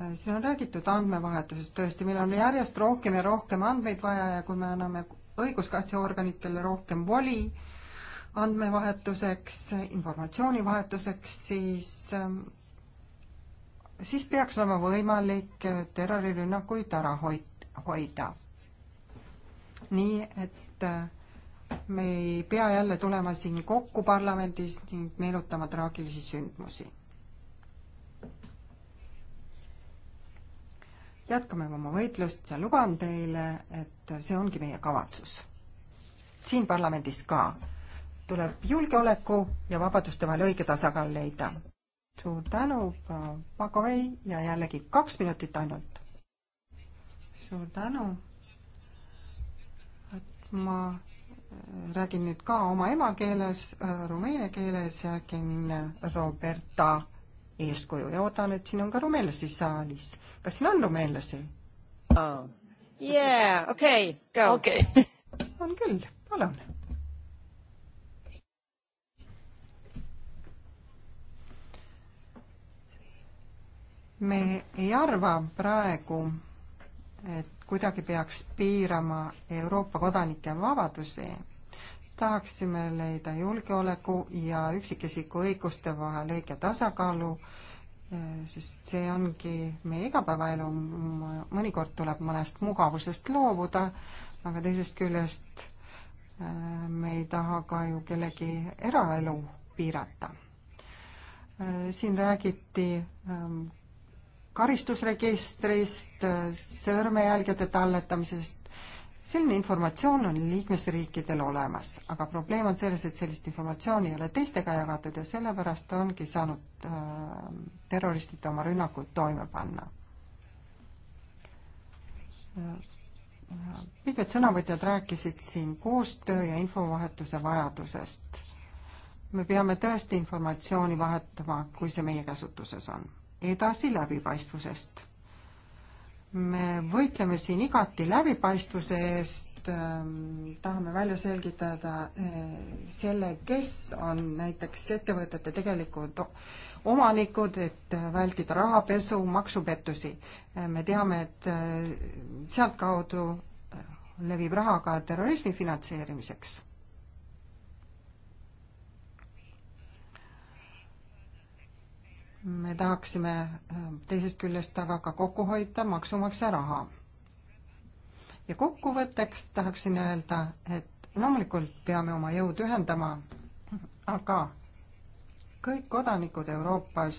Äh, siin on räägitud andmevahetusest tõesti, meil on järjest rohkem ja rohkem andmeid vaja ja kui me anname õiguskaitseorganitele rohkem voli andmevahetuseks, informatsioonivahetuseks, siis ähm, siis peaks olema võimalik terrorirünnakuid ära hoid-, hoida. nii et äh, me ei pea jälle tulema siin kokku parlamendis ning meenutama traagilisi sündmusi jätkame oma võitlust ja luban teile, et see ongi meie kavatsus. siin parlamendis ka tuleb julgeoleku ja vabaduste vahel õige tasakaal leida. suur tänu, proua Pakovei ja jällegi kaks minutit ainult. suur tänu. et ma äh, räägin nüüd ka oma emakeeles, äh, rumeenia keeles, räägin Roberta eeskuju ja oodan, et siin on ka rumeenlasi saalis. kas siin on rumeenlasi oh.? Yeah, okei okay,, go okay. on küll, palun. me ei arva praegu, et kuidagi peaks piirama Euroopa kodanike vabadusi tahaksime leida julgeoleku ja üksikisiku õiguste vahel õige tasakaalu, eh, sest see ongi meie igapäevaelu, mõnikord tuleb mõnest mugavusest loobuda, aga teisest küljest eh, me ei taha ka ju kellegi eraelu piirata. Eh, siin räägiti ehm, karistusregistrist, sõrmejälgede talletamisest, selline informatsioon on liikmesriikidel olemas, aga probleem on selles, et sellist informatsiooni ei ole teistega jagatud ja sellepärast ongi saanud äh, terroristid oma rünnakud toime panna. mitmed sõnavõtjad rääkisid siin koostöö ja infovahetuse vajadusest. me peame tõesti informatsiooni vahetama, kui see meie käsutuses on. edasi läbipaistvusest me võitleme siin igati läbipaistvuse eest, ähm, tahame välja selgitada äh, selle, kes on näiteks ettevõtete tegelikud omanikud, et vältida rahapesu, maksupettusi. Äh, me teame, et äh, sealtkaudu levib raha ka terrorismi finantseerimiseks me tahaksime äh, teisest küljest aga ka kokku hoida maksumaksja raha. ja kokkuvõtteks tahaksin öelda, et loomulikult peame oma jõud ühendama, aga kõik kodanikud Euroopas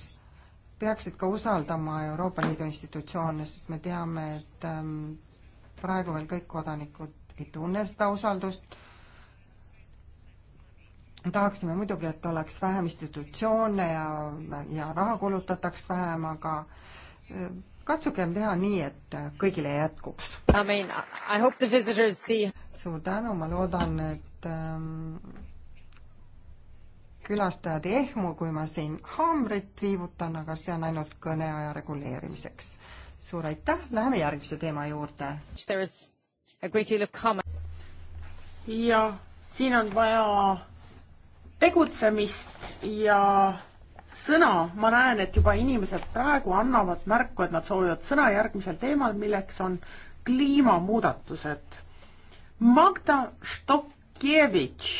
peaksid ka usaldama Euroopa Liidu institutsioone, sest me teame, et ähm, praegu veel kõik kodanikud ei tunne seda usaldust tahaksime muidugi, et oleks vähem institutsioone ja, ja raha kulutataks vähem, aga äh, katsugem teha nii, et kõigile jätkuks. I mean, I hope the visitors see. suur tänu, ma loodan, et ähm, külastajad ei ehmu, kui ma siin haamrit viivutan, aga see on ainult kõneaja reguleerimiseks. suur aitäh, läheme järgmise teema juurde. jah, siin on vaja tegutsemist ja sõna, ma näen, et juba inimesed praegu annavad märku, et nad soovivad sõna järgmisel teemal, milleks on kliimamuudatused. Magda Štokjevitš,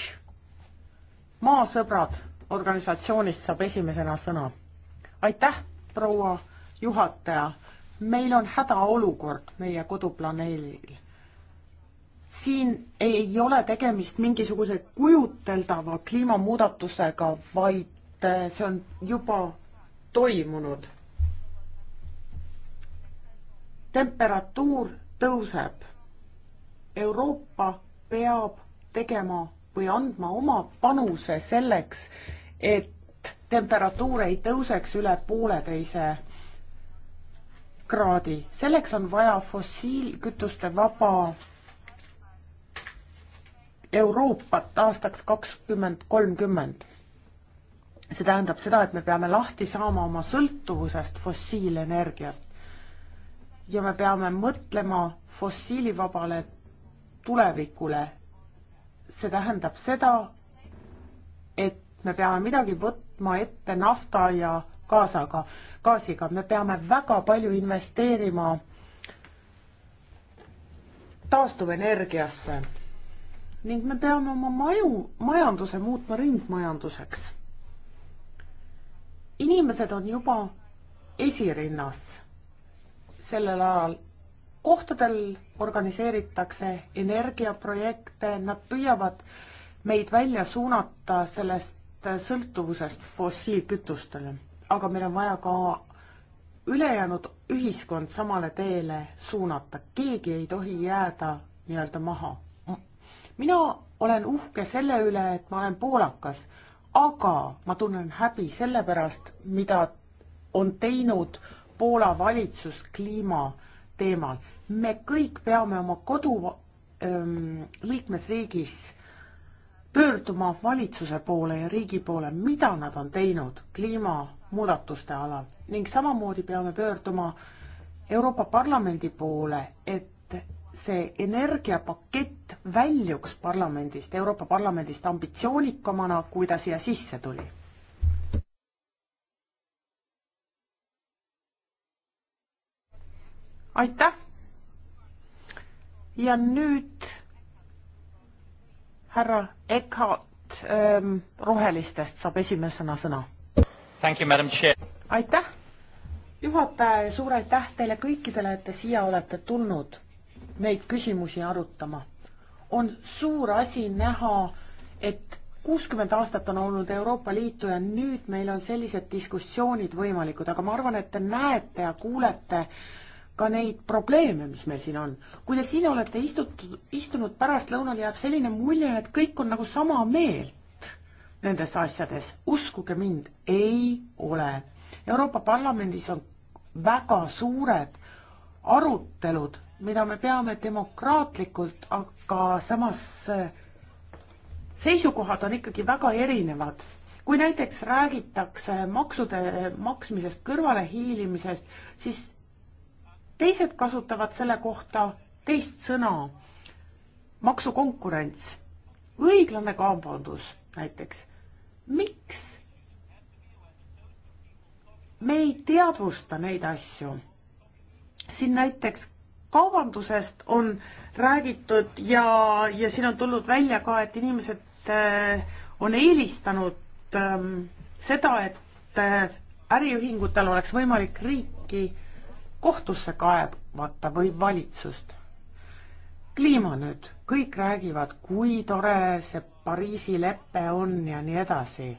maasõbrad organisatsioonist saab esimesena sõna. aitäh, proua juhataja, meil on hädaolukord meie koduplaneedil siin ei ole tegemist mingisuguse kujuteldava kliimamuudatusega, vaid äh, see on juba toimunud. temperatuur tõuseb. Euroopa peab tegema või andma oma panuse selleks, et temperatuur ei tõuseks üle pooleteise kraadi. selleks on vaja fossiilkütuste vaba Euroopat aastaks kakskümmend kolmkümmend. see tähendab seda, et me peame lahti saama oma sõltuvusest fossiilenergiast ja me peame mõtlema fossiilivabale tulevikule. see tähendab seda, et me peame midagi võtma ette nafta ja gaasaga, gaasiga, me peame väga palju investeerima taastuvenergiasse ning me peame oma maju, majanduse muutma ringmajanduseks. inimesed on juba esirinnas sellel ajal. kohtadel organiseeritakse energiaprojekte, nad püüavad meid välja suunata sellest sõltuvusest fossiilkütustele, aga meil on vaja ka ülejäänud ühiskond samale teele suunata, keegi ei tohi jääda nii-öelda maha mina olen uhke selle üle, et ma olen poolakas, aga ma tunnen häbi selle pärast, mida on teinud Poola valitsus kliima teemal. me kõik peame oma kodu öö, ähm, liikmesriigis pöörduma valitsuse poole ja riigi poole, mida nad on teinud kliimamuudatuste alal ning samamoodi peame pöörduma Euroopa Parlamendi poole, et see energiapakett väljuks parlamendist, Euroopa Parlamendist ambitsioonikamana, kui ta siia sisse tuli? aitäh! ja nüüd härra Eckhardt ähm, Rohelistest saab esimesena sõna. aitäh, juhataja ja suur aitäh teile kõikidele, et te siia olete tulnud neid küsimusi arutama. on suur asi näha, et kuuskümmend aastat on olnud Euroopa Liitu ja nüüd meil on sellised diskussioonid võimalikud, aga ma arvan, et te näete ja kuulete ka neid probleeme, mis meil siin on. kui te siin olete istutud, istunud pärastlõunal, jääb selline mulje, et kõik on nagu sama meelt nendes asjades. uskuge mind, ei ole. Euroopa Parlamendis on väga suured arutelud mida me peame demokraatlikult, aga samas eh, seisukohad on ikkagi väga erinevad. kui näiteks räägitakse maksude maksmisest kõrvalehiilimisest, siis teised kasutavad selle kohta teist sõna, maksukonkurents, õiglane kaubandus näiteks. miks me ei teadvusta neid asju? siin näiteks kaubandusest on räägitud ja, ja siin on tulnud välja ka, et inimesed äh, on eelistanud äh, seda, et äh, äriühingutel oleks võimalik riiki kohtusse kaevata või valitsust. kliima nüüd, kõik räägivad, kui tore see Pariisi lepe on ja nii edasi.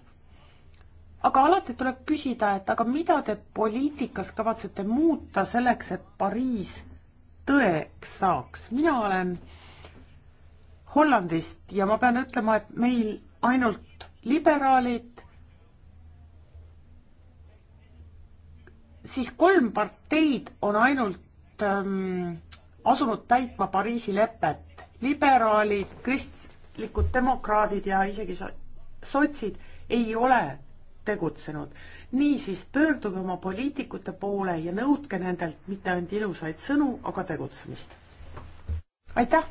aga alati tuleb küsida, et aga mida te poliitikas kavatsete muuta selleks, et Pariis tõeks saaks. mina olen Hollandist ja ma pean ütlema, et meil ainult liberaalid, siis kolm parteid on ainult ähm, asunud täitma Pariisi lepet. liberaalid, kristlikud demokraadid ja isegi sotsid ei ole tegutsenud niisiis, pöörduge oma poliitikute poole ja nõudke nendelt mitte ainult ilusaid sõnu, aga tegutsemist. aitäh!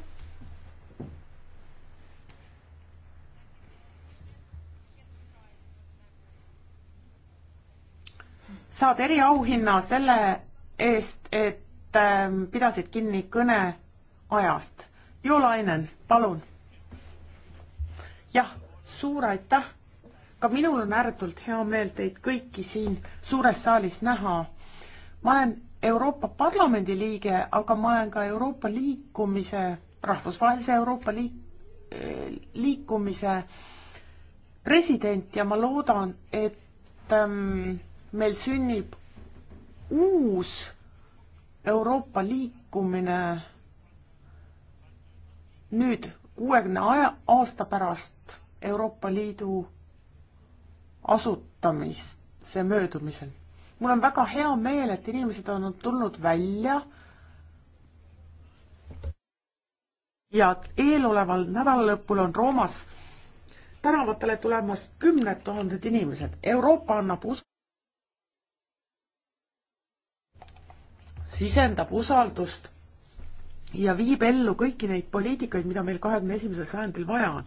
saad eriauhinna selle eest, et äh, pidasid kinni kõne ajast. Jo Lainen, palun. jah, suur aitäh ka minul on ääretult hea meel teid kõiki siin suures saalis näha. ma olen Euroopa Parlamendi liige, aga ma olen ka Euroopa liikumise, rahvusvahelise Euroopa liik-, eh, liikumise president ja ma loodan, et ähm, meil sünnib uus Euroopa liikumine nüüd kuuekümne aasta pärast Euroopa Liidu asutamise möödumisel. mul on väga hea meel, et inimesed on tulnud välja ja eeloleval nädalalõpul on Roomas tänavatele tulemas kümned tuhanded inimesed. Euroopa annab us-, sisendab usaldust ja viib ellu kõiki neid poliitikaid, mida meil kahekümne esimesel sajandil vaja on.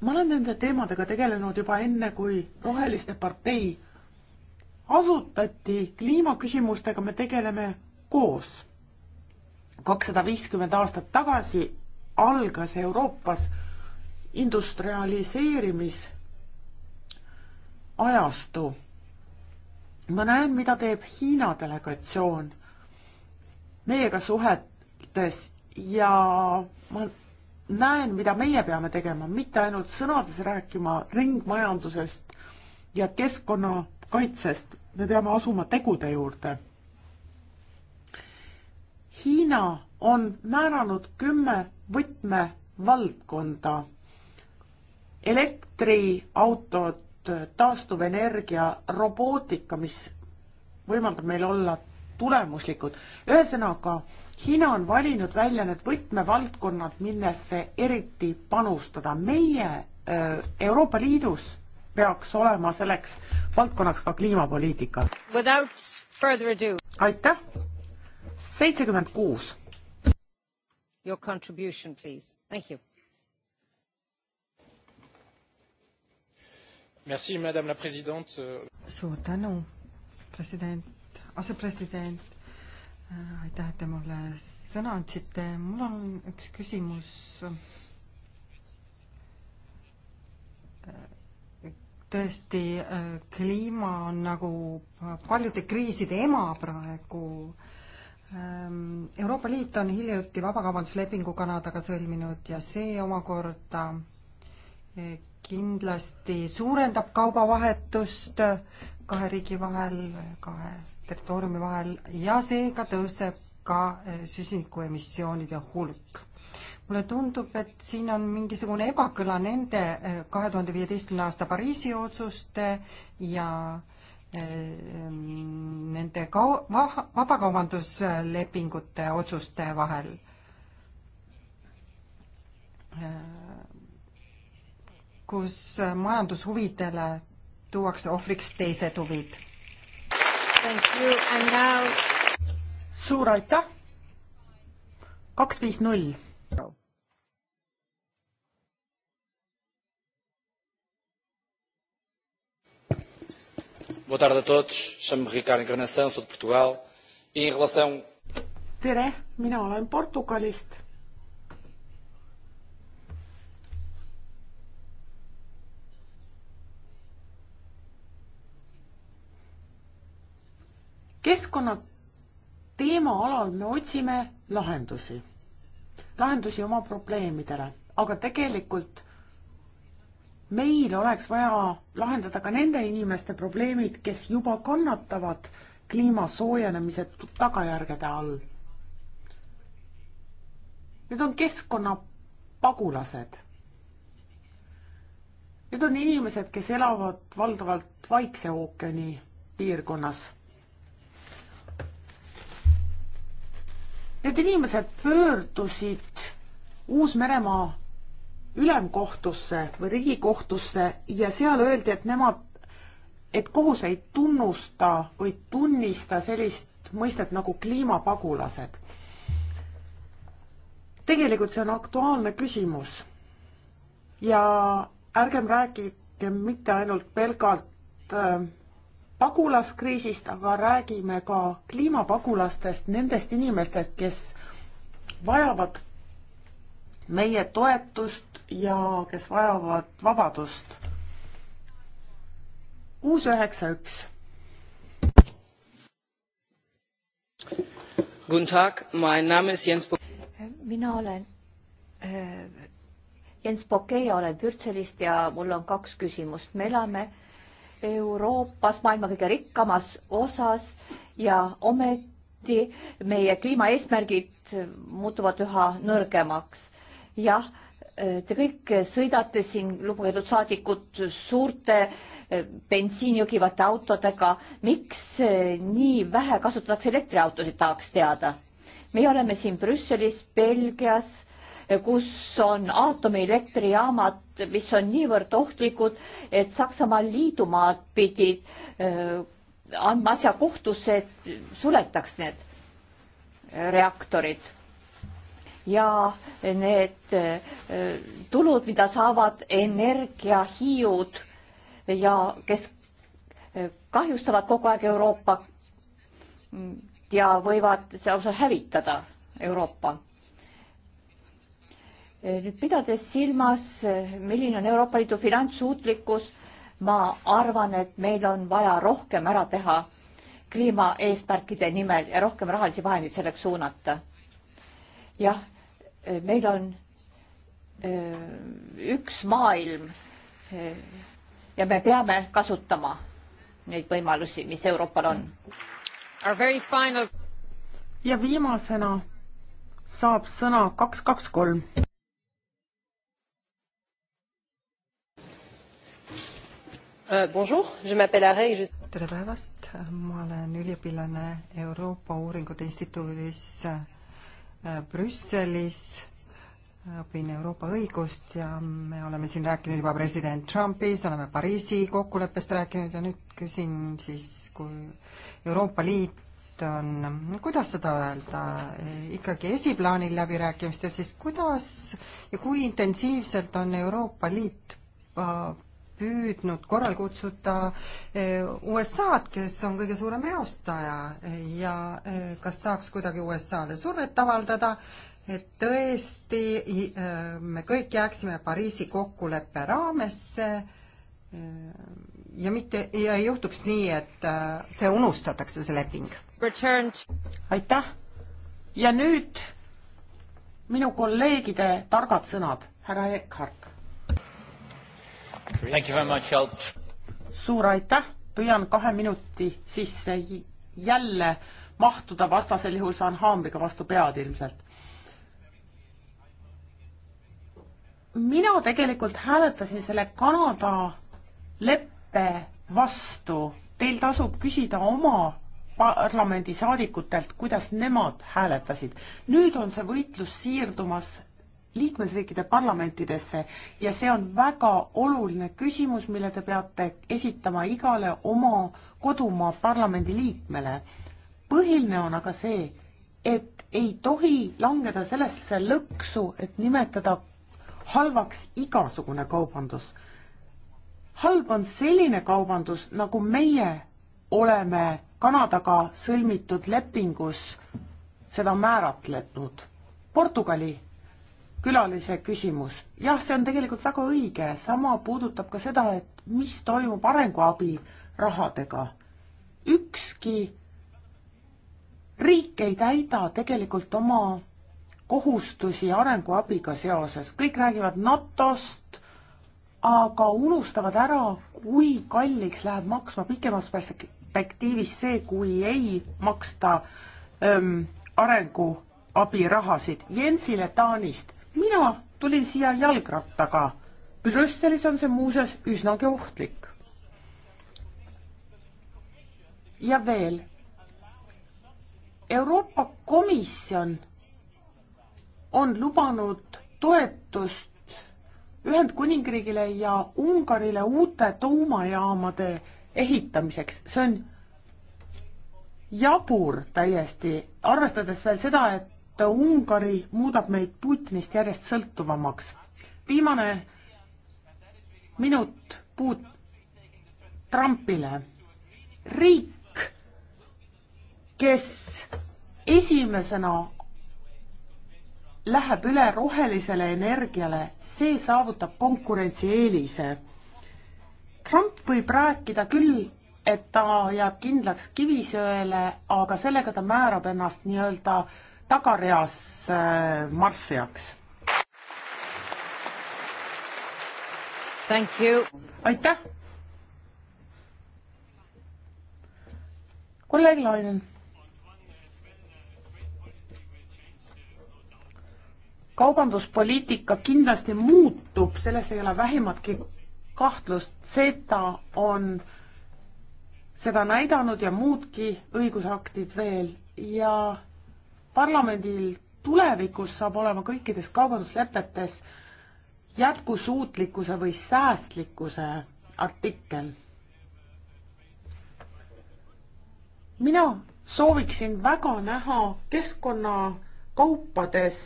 ma olen nende teemadega tegelenud juba enne, kui Roheliste partei asutati, kliimaküsimustega me tegeleme koos. kakssada viiskümmend aastat tagasi algas Euroopas industrialiseerimisajastu. ma näen, mida teeb Hiina delegatsioon meiega suhetes ja ma näen, mida meie peame tegema, mitte ainult sõnades rääkima ringmajandusest ja keskkonnakaitsest, me peame asuma tegude juurde. Hiina on määranud kümme võtmevaldkonda. elektriautod, taastuvenergia, robootika, mis võimaldab meil olla tulemuslikud. ühesõnaga, Hiina on valinud välja need võtmevaldkonnad, millesse eriti panustada. meie äh, Euroopa Liidus peaks olema selleks valdkonnaks ka kliimapoliitika. aitäh. seitsekümmend kuus. Your contribution please, thank you. Merci, madame la president. suur tänu, president, asepresident aitäh, et te mulle sõna andsite. mul on üks küsimus. tõesti, kliima on nagu paljude kriiside ema praegu. Euroopa Liit on hiljuti vabakaubanduslepingu Kanadaga sõlminud ja see omakorda kindlasti suurendab kaubavahetust kahe riigi vahel, kahe territooriumi vahel ja seega tõuseb ka eh, süsinikuemissioonide hulk. mulle tundub, et siin on mingisugune ebakõla nende eh, kahe tuhande viieteistkümne aasta Pariisi otsuste ja eh, nende kau-, vabakaubanduslepingute otsuste vahel kus majandushuvidele tuuakse ohvriks teised huvid. Now... suur aitäh. kaks, viis, null. Boa tarde a todos. Chamo-me Ricardo Encarnação, sou de Portugal. E em relação. Tere, mina olen Portugalist keskkonna teema alal me otsime lahendusi, lahendusi oma probleemidele, aga tegelikult meil oleks vaja lahendada ka nende inimeste probleemid, kes juba kannatavad kliima soojenemise tagajärgede all. Need on keskkonnapagulased. Need on inimesed, kes elavad valdavalt Vaikse ookeani piirkonnas Need inimesed pöördusid Uus-Meremaa ülemkohtusse või riigikohtusse ja seal öeldi, et nemad, et kohus ei tunnusta või tunnista sellist mõistet nagu kliimapagulased. tegelikult see on aktuaalne küsimus. ja ärgem rääkigem mitte ainult pelgalt äh, pagulaskriisist, aga räägime ka kliimapagulastest, nendest inimestest, kes vajavad meie toetust ja kes vajavad vabadust. kuus üheksa üks. mina olen äh, Jens Pokei, olen Pürtselist ja mul on kaks küsimust. me elame äh, Euroopas, maailma kõige rikkamas osas ja ometi meie kliimaeesmärgid muutuvad üha nõrgemaks. jah, te kõik sõidate siin, lugupeetud saadikud, suurte eh, bensiini jõgivate autodega. miks eh, nii vähe kasutatakse elektriautosid, tahaks teada. meie oleme siin Brüsselis, Belgias kus on aatomielektrijaamad, mis on niivõrd ohtlikud, et Saksamaa liidumaad pidid äh, andma asja kohtusse, et suletaks need reaktorid. ja need äh, tulud, mida saavad energiahiiud ja kes äh, kahjustavad kogu aeg Euroopat mm, ja võivad seal hävitada Euroopa nüüd pidades silmas, milline on Euroopa Liidu finantssuutlikkus, ma arvan, et meil on vaja rohkem ära teha kliimaeesmärkide nimel ja rohkem rahalisi vahendeid selleks suunata. jah, meil on öö, üks maailm öö, ja me peame kasutama neid võimalusi, mis Euroopal on. ja viimasena saab sõna kaks, kaks, kolm. Euh, tere päevast, ma olen üliõpilane Euroopa Uuringute Instituudis äh, Brüsselis, õpin Euroopa õigust ja me oleme siin rääkinud juba president Trumpis, oleme Pariisi kokkuleppest rääkinud ja nüüd küsin siis, kui Euroopa Liit on, kuidas seda öelda, ikkagi esiplaanil läbirääkimistel, siis kuidas ja kui intensiivselt on Euroopa Liit äh, püüdnud korral kutsuda eh, USA-d, kes on kõige suurem reostaja eh, ja eh, kas saaks kuidagi USA-le survet avaldada, et tõesti me kõik jääksime Pariisi kokkuleppe raamesse ja mitte, ja ei juhtuks nii, et see unustatakse, see leping. aitäh! ja nüüd minu kolleegide targad sõnad, härra Eckhardt suur aitäh, püüan kahe minuti sisse jälle mahtuda, vastasel juhul saan haamriga vastu pead ilmselt. mina tegelikult hääletasin selle Kanada leppe vastu. Teil tasub küsida oma parlamendisaadikutelt, kuidas nemad hääletasid. nüüd on see võitlus siirdumas liikmesriikide parlamentidesse ja see on väga oluline küsimus, mille te peate esitama igale oma kodumaa parlamendi liikmele. põhiline on aga see, et ei tohi langeda sellesse lõksu, et nimetada halvaks igasugune kaubandus. halb on selline kaubandus, nagu meie oleme Kanadaga sõlmitud lepingus seda määratlenud. Portugali külalise küsimus. jah, see on tegelikult väga õige, sama puudutab ka seda, et mis toimub arenguabi rahadega. ükski riik ei täida tegelikult oma kohustusi arenguabiga seoses, kõik räägivad NATO-st, aga unustavad ära, kui kalliks läheb maksma pikemas perspektiivis see, kui ei maksta öö, arenguabirahasid. Jensile Taanist mina tulin siia jalgrattaga. Brüsselis on see muuseas üsnagi ohtlik. ja veel. Euroopa Komisjon on lubanud toetust Ühendkuningriigile ja Ungarile uute tuumajaamade ehitamiseks, see on jabur täiesti, arvestades veel seda, et et Ungari muudab meid Putinist järjest sõltuvamaks. viimane minut puut-, Trumpile. riik, kes esimesena läheb üle rohelisele energiale, see saavutab konkurentsieelise. Trump võib rääkida küll, et ta jääb kindlaks kivisöele, aga sellega ta määrab ennast nii-öelda äh, tagareas äh, marssijaks. aitäh! kolleeg Lainen. kaubanduspoliitika kindlasti muutub, selles ei ole vähimatki kahtlust, seda on, seda näidanud ja muudki õigusaktid veel ja parlamendil tulevikus saab olema kõikides kaubanduslepetes jätkusuutlikkuse või säästlikkuse artikkel. mina sooviksin väga näha keskkonnakaupades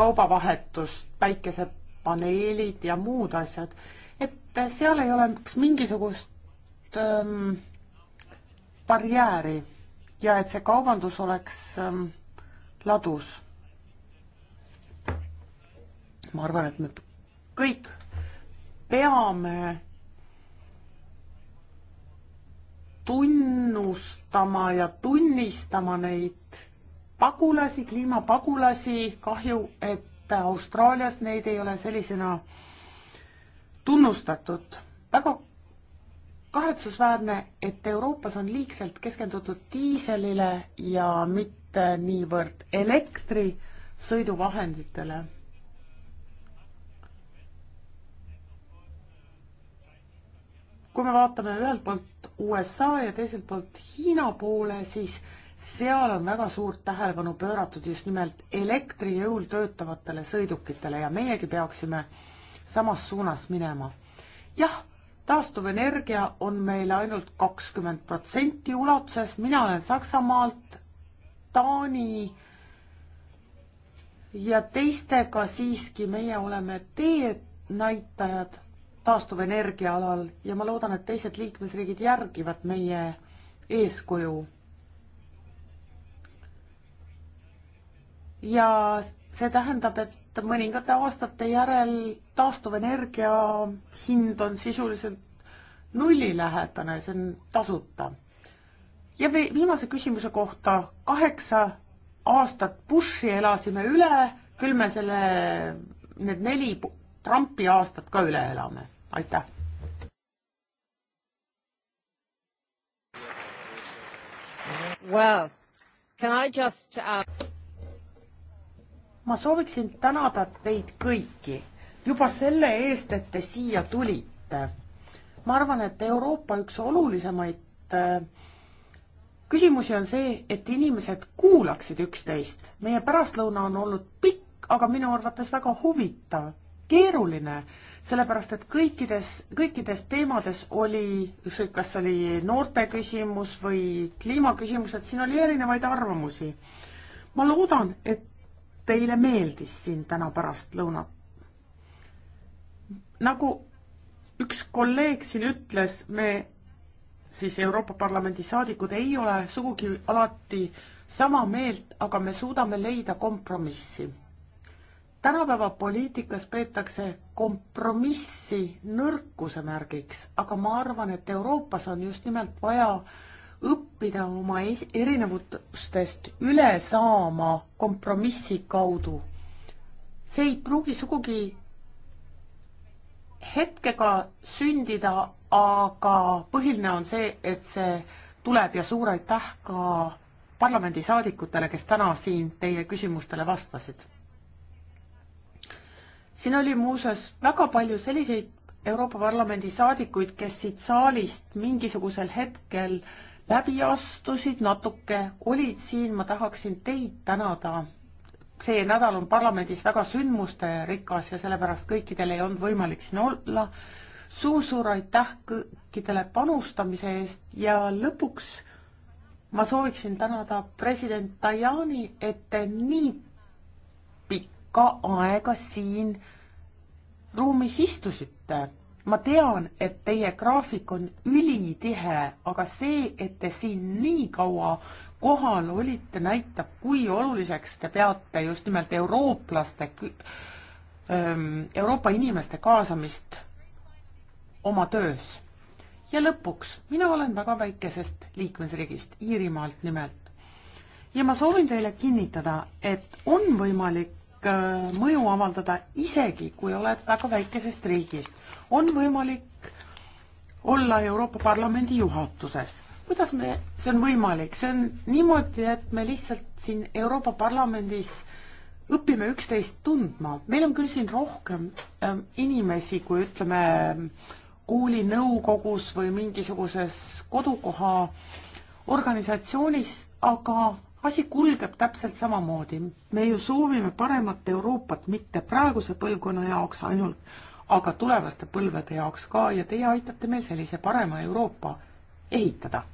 kaubavahetust, päikesepaneelid ja muud asjad, et seal ei oleks mingisugust ähm, barjääri ja et see kaubandus oleks ähm, ladus. ma arvan, et me kõik peame tunnustama ja tunnistama neid pagulasi, kliimapagulasi, kahju, et Austraalias neid ei ole sellisena tunnustatud. väga kahetsusväärne, et Euroopas on liigselt keskendutud diiselile ja mitte niivõrd elektrisõiduvahenditele. kui me vaatame ühelt poolt USA ja teiselt poolt Hiina poole, siis seal on väga suurt tähelepanu pööratud just nimelt elektrijõul töötavatele sõidukitele ja meiegi peaksime samas suunas minema. jah taastuvenergia on meil ainult kakskümmend protsenti ulatuses, mina olen Saksamaalt, Taani ja teistega siiski meie oleme teenäitajad taastuvenergia alal ja ma loodan, et teised liikmesriigid järgivad meie eeskuju. ja see tähendab, et mõningate aastate järel taastuvenergia hind on sisuliselt nullilähedane, see on tasuta. ja viimase küsimuse kohta, kaheksa aastat Bushi elasime üle, küll me selle, need neli Trumpi aastat ka üle elame, aitäh. Well, can I just uh ma sooviksin tänada teid kõiki juba selle eest, et te siia tulite. ma arvan, et Euroopa üks olulisemaid äh, küsimusi on see, et inimesed kuulaksid üksteist. meie pärastlõuna on olnud pikk, aga minu arvates väga huvitav, keeruline, sellepärast et kõikides, kõikides teemades oli, ükskõik kas oli noorte küsimus või kliimaküsimused, siin oli erinevaid arvamusi. ma loodan, et teile meeldis siin täna pärastlõunat. nagu üks kolleeg siin ütles, me siis Euroopa Parlamendi saadikud ei ole sugugi alati sama meelt, aga me suudame leida kompromissi. tänapäeva poliitikas peetakse kompromissi nõrkuse märgiks, aga ma arvan, et Euroopas on just nimelt vaja äh, õppida oma erinevustest üle saama kompromissi kaudu. see ei pruugi sugugi hetkega sündida, aga põhiline on see, et see tuleb ja suur aitäh ka parlamendisaadikutele, kes täna siin teie küsimustele vastasid. siin oli muuseas väga palju selliseid Euroopa Parlamendi saadikuid, kes siit saalist mingisugusel hetkel äh, läbi astusid, natuke olid siin, ma tahaksin teid tänada. see nädal on parlamendis väga sündmusterikas ja sellepärast kõikidel ei olnud võimalik siin olla Suu. suur-suur aitäh kõikidele panustamise eest ja lõpuks ma sooviksin tänada president Tajani, et te nii pikka aega siin ruumis istusite ma tean, et teie graafik on ülitihe, aga see, et te siin nii kaua kohal olite, näitab, kui oluliseks te peate just nimelt eurooplaste, Euroopa inimeste kaasamist oma töös. ja lõpuks, mina olen väga väikesest liikmesriigist, Iirimaalt nimelt. ja ma soovin teile kinnitada, et on võimalik mõju avaldada isegi, kui oled väga väikesest riigist on võimalik olla Euroopa Parlamendi juhatuses. kuidas me, see on võimalik, see on niimoodi, et me lihtsalt siin Euroopa Parlamendis õpime üksteist tundma, meil on küll siin rohkem ähm, inimesi kui ütleme kooli nõukogus või mingisuguses kodukoha organisatsioonis, aga asi kulgeb täpselt samamoodi. me ju soovime paremat Euroopat, mitte praeguse põlvkonna jaoks ainult, aga tulevaste põlvede jaoks ka ja teie aitate meil sellise parema Euroopa ehitada.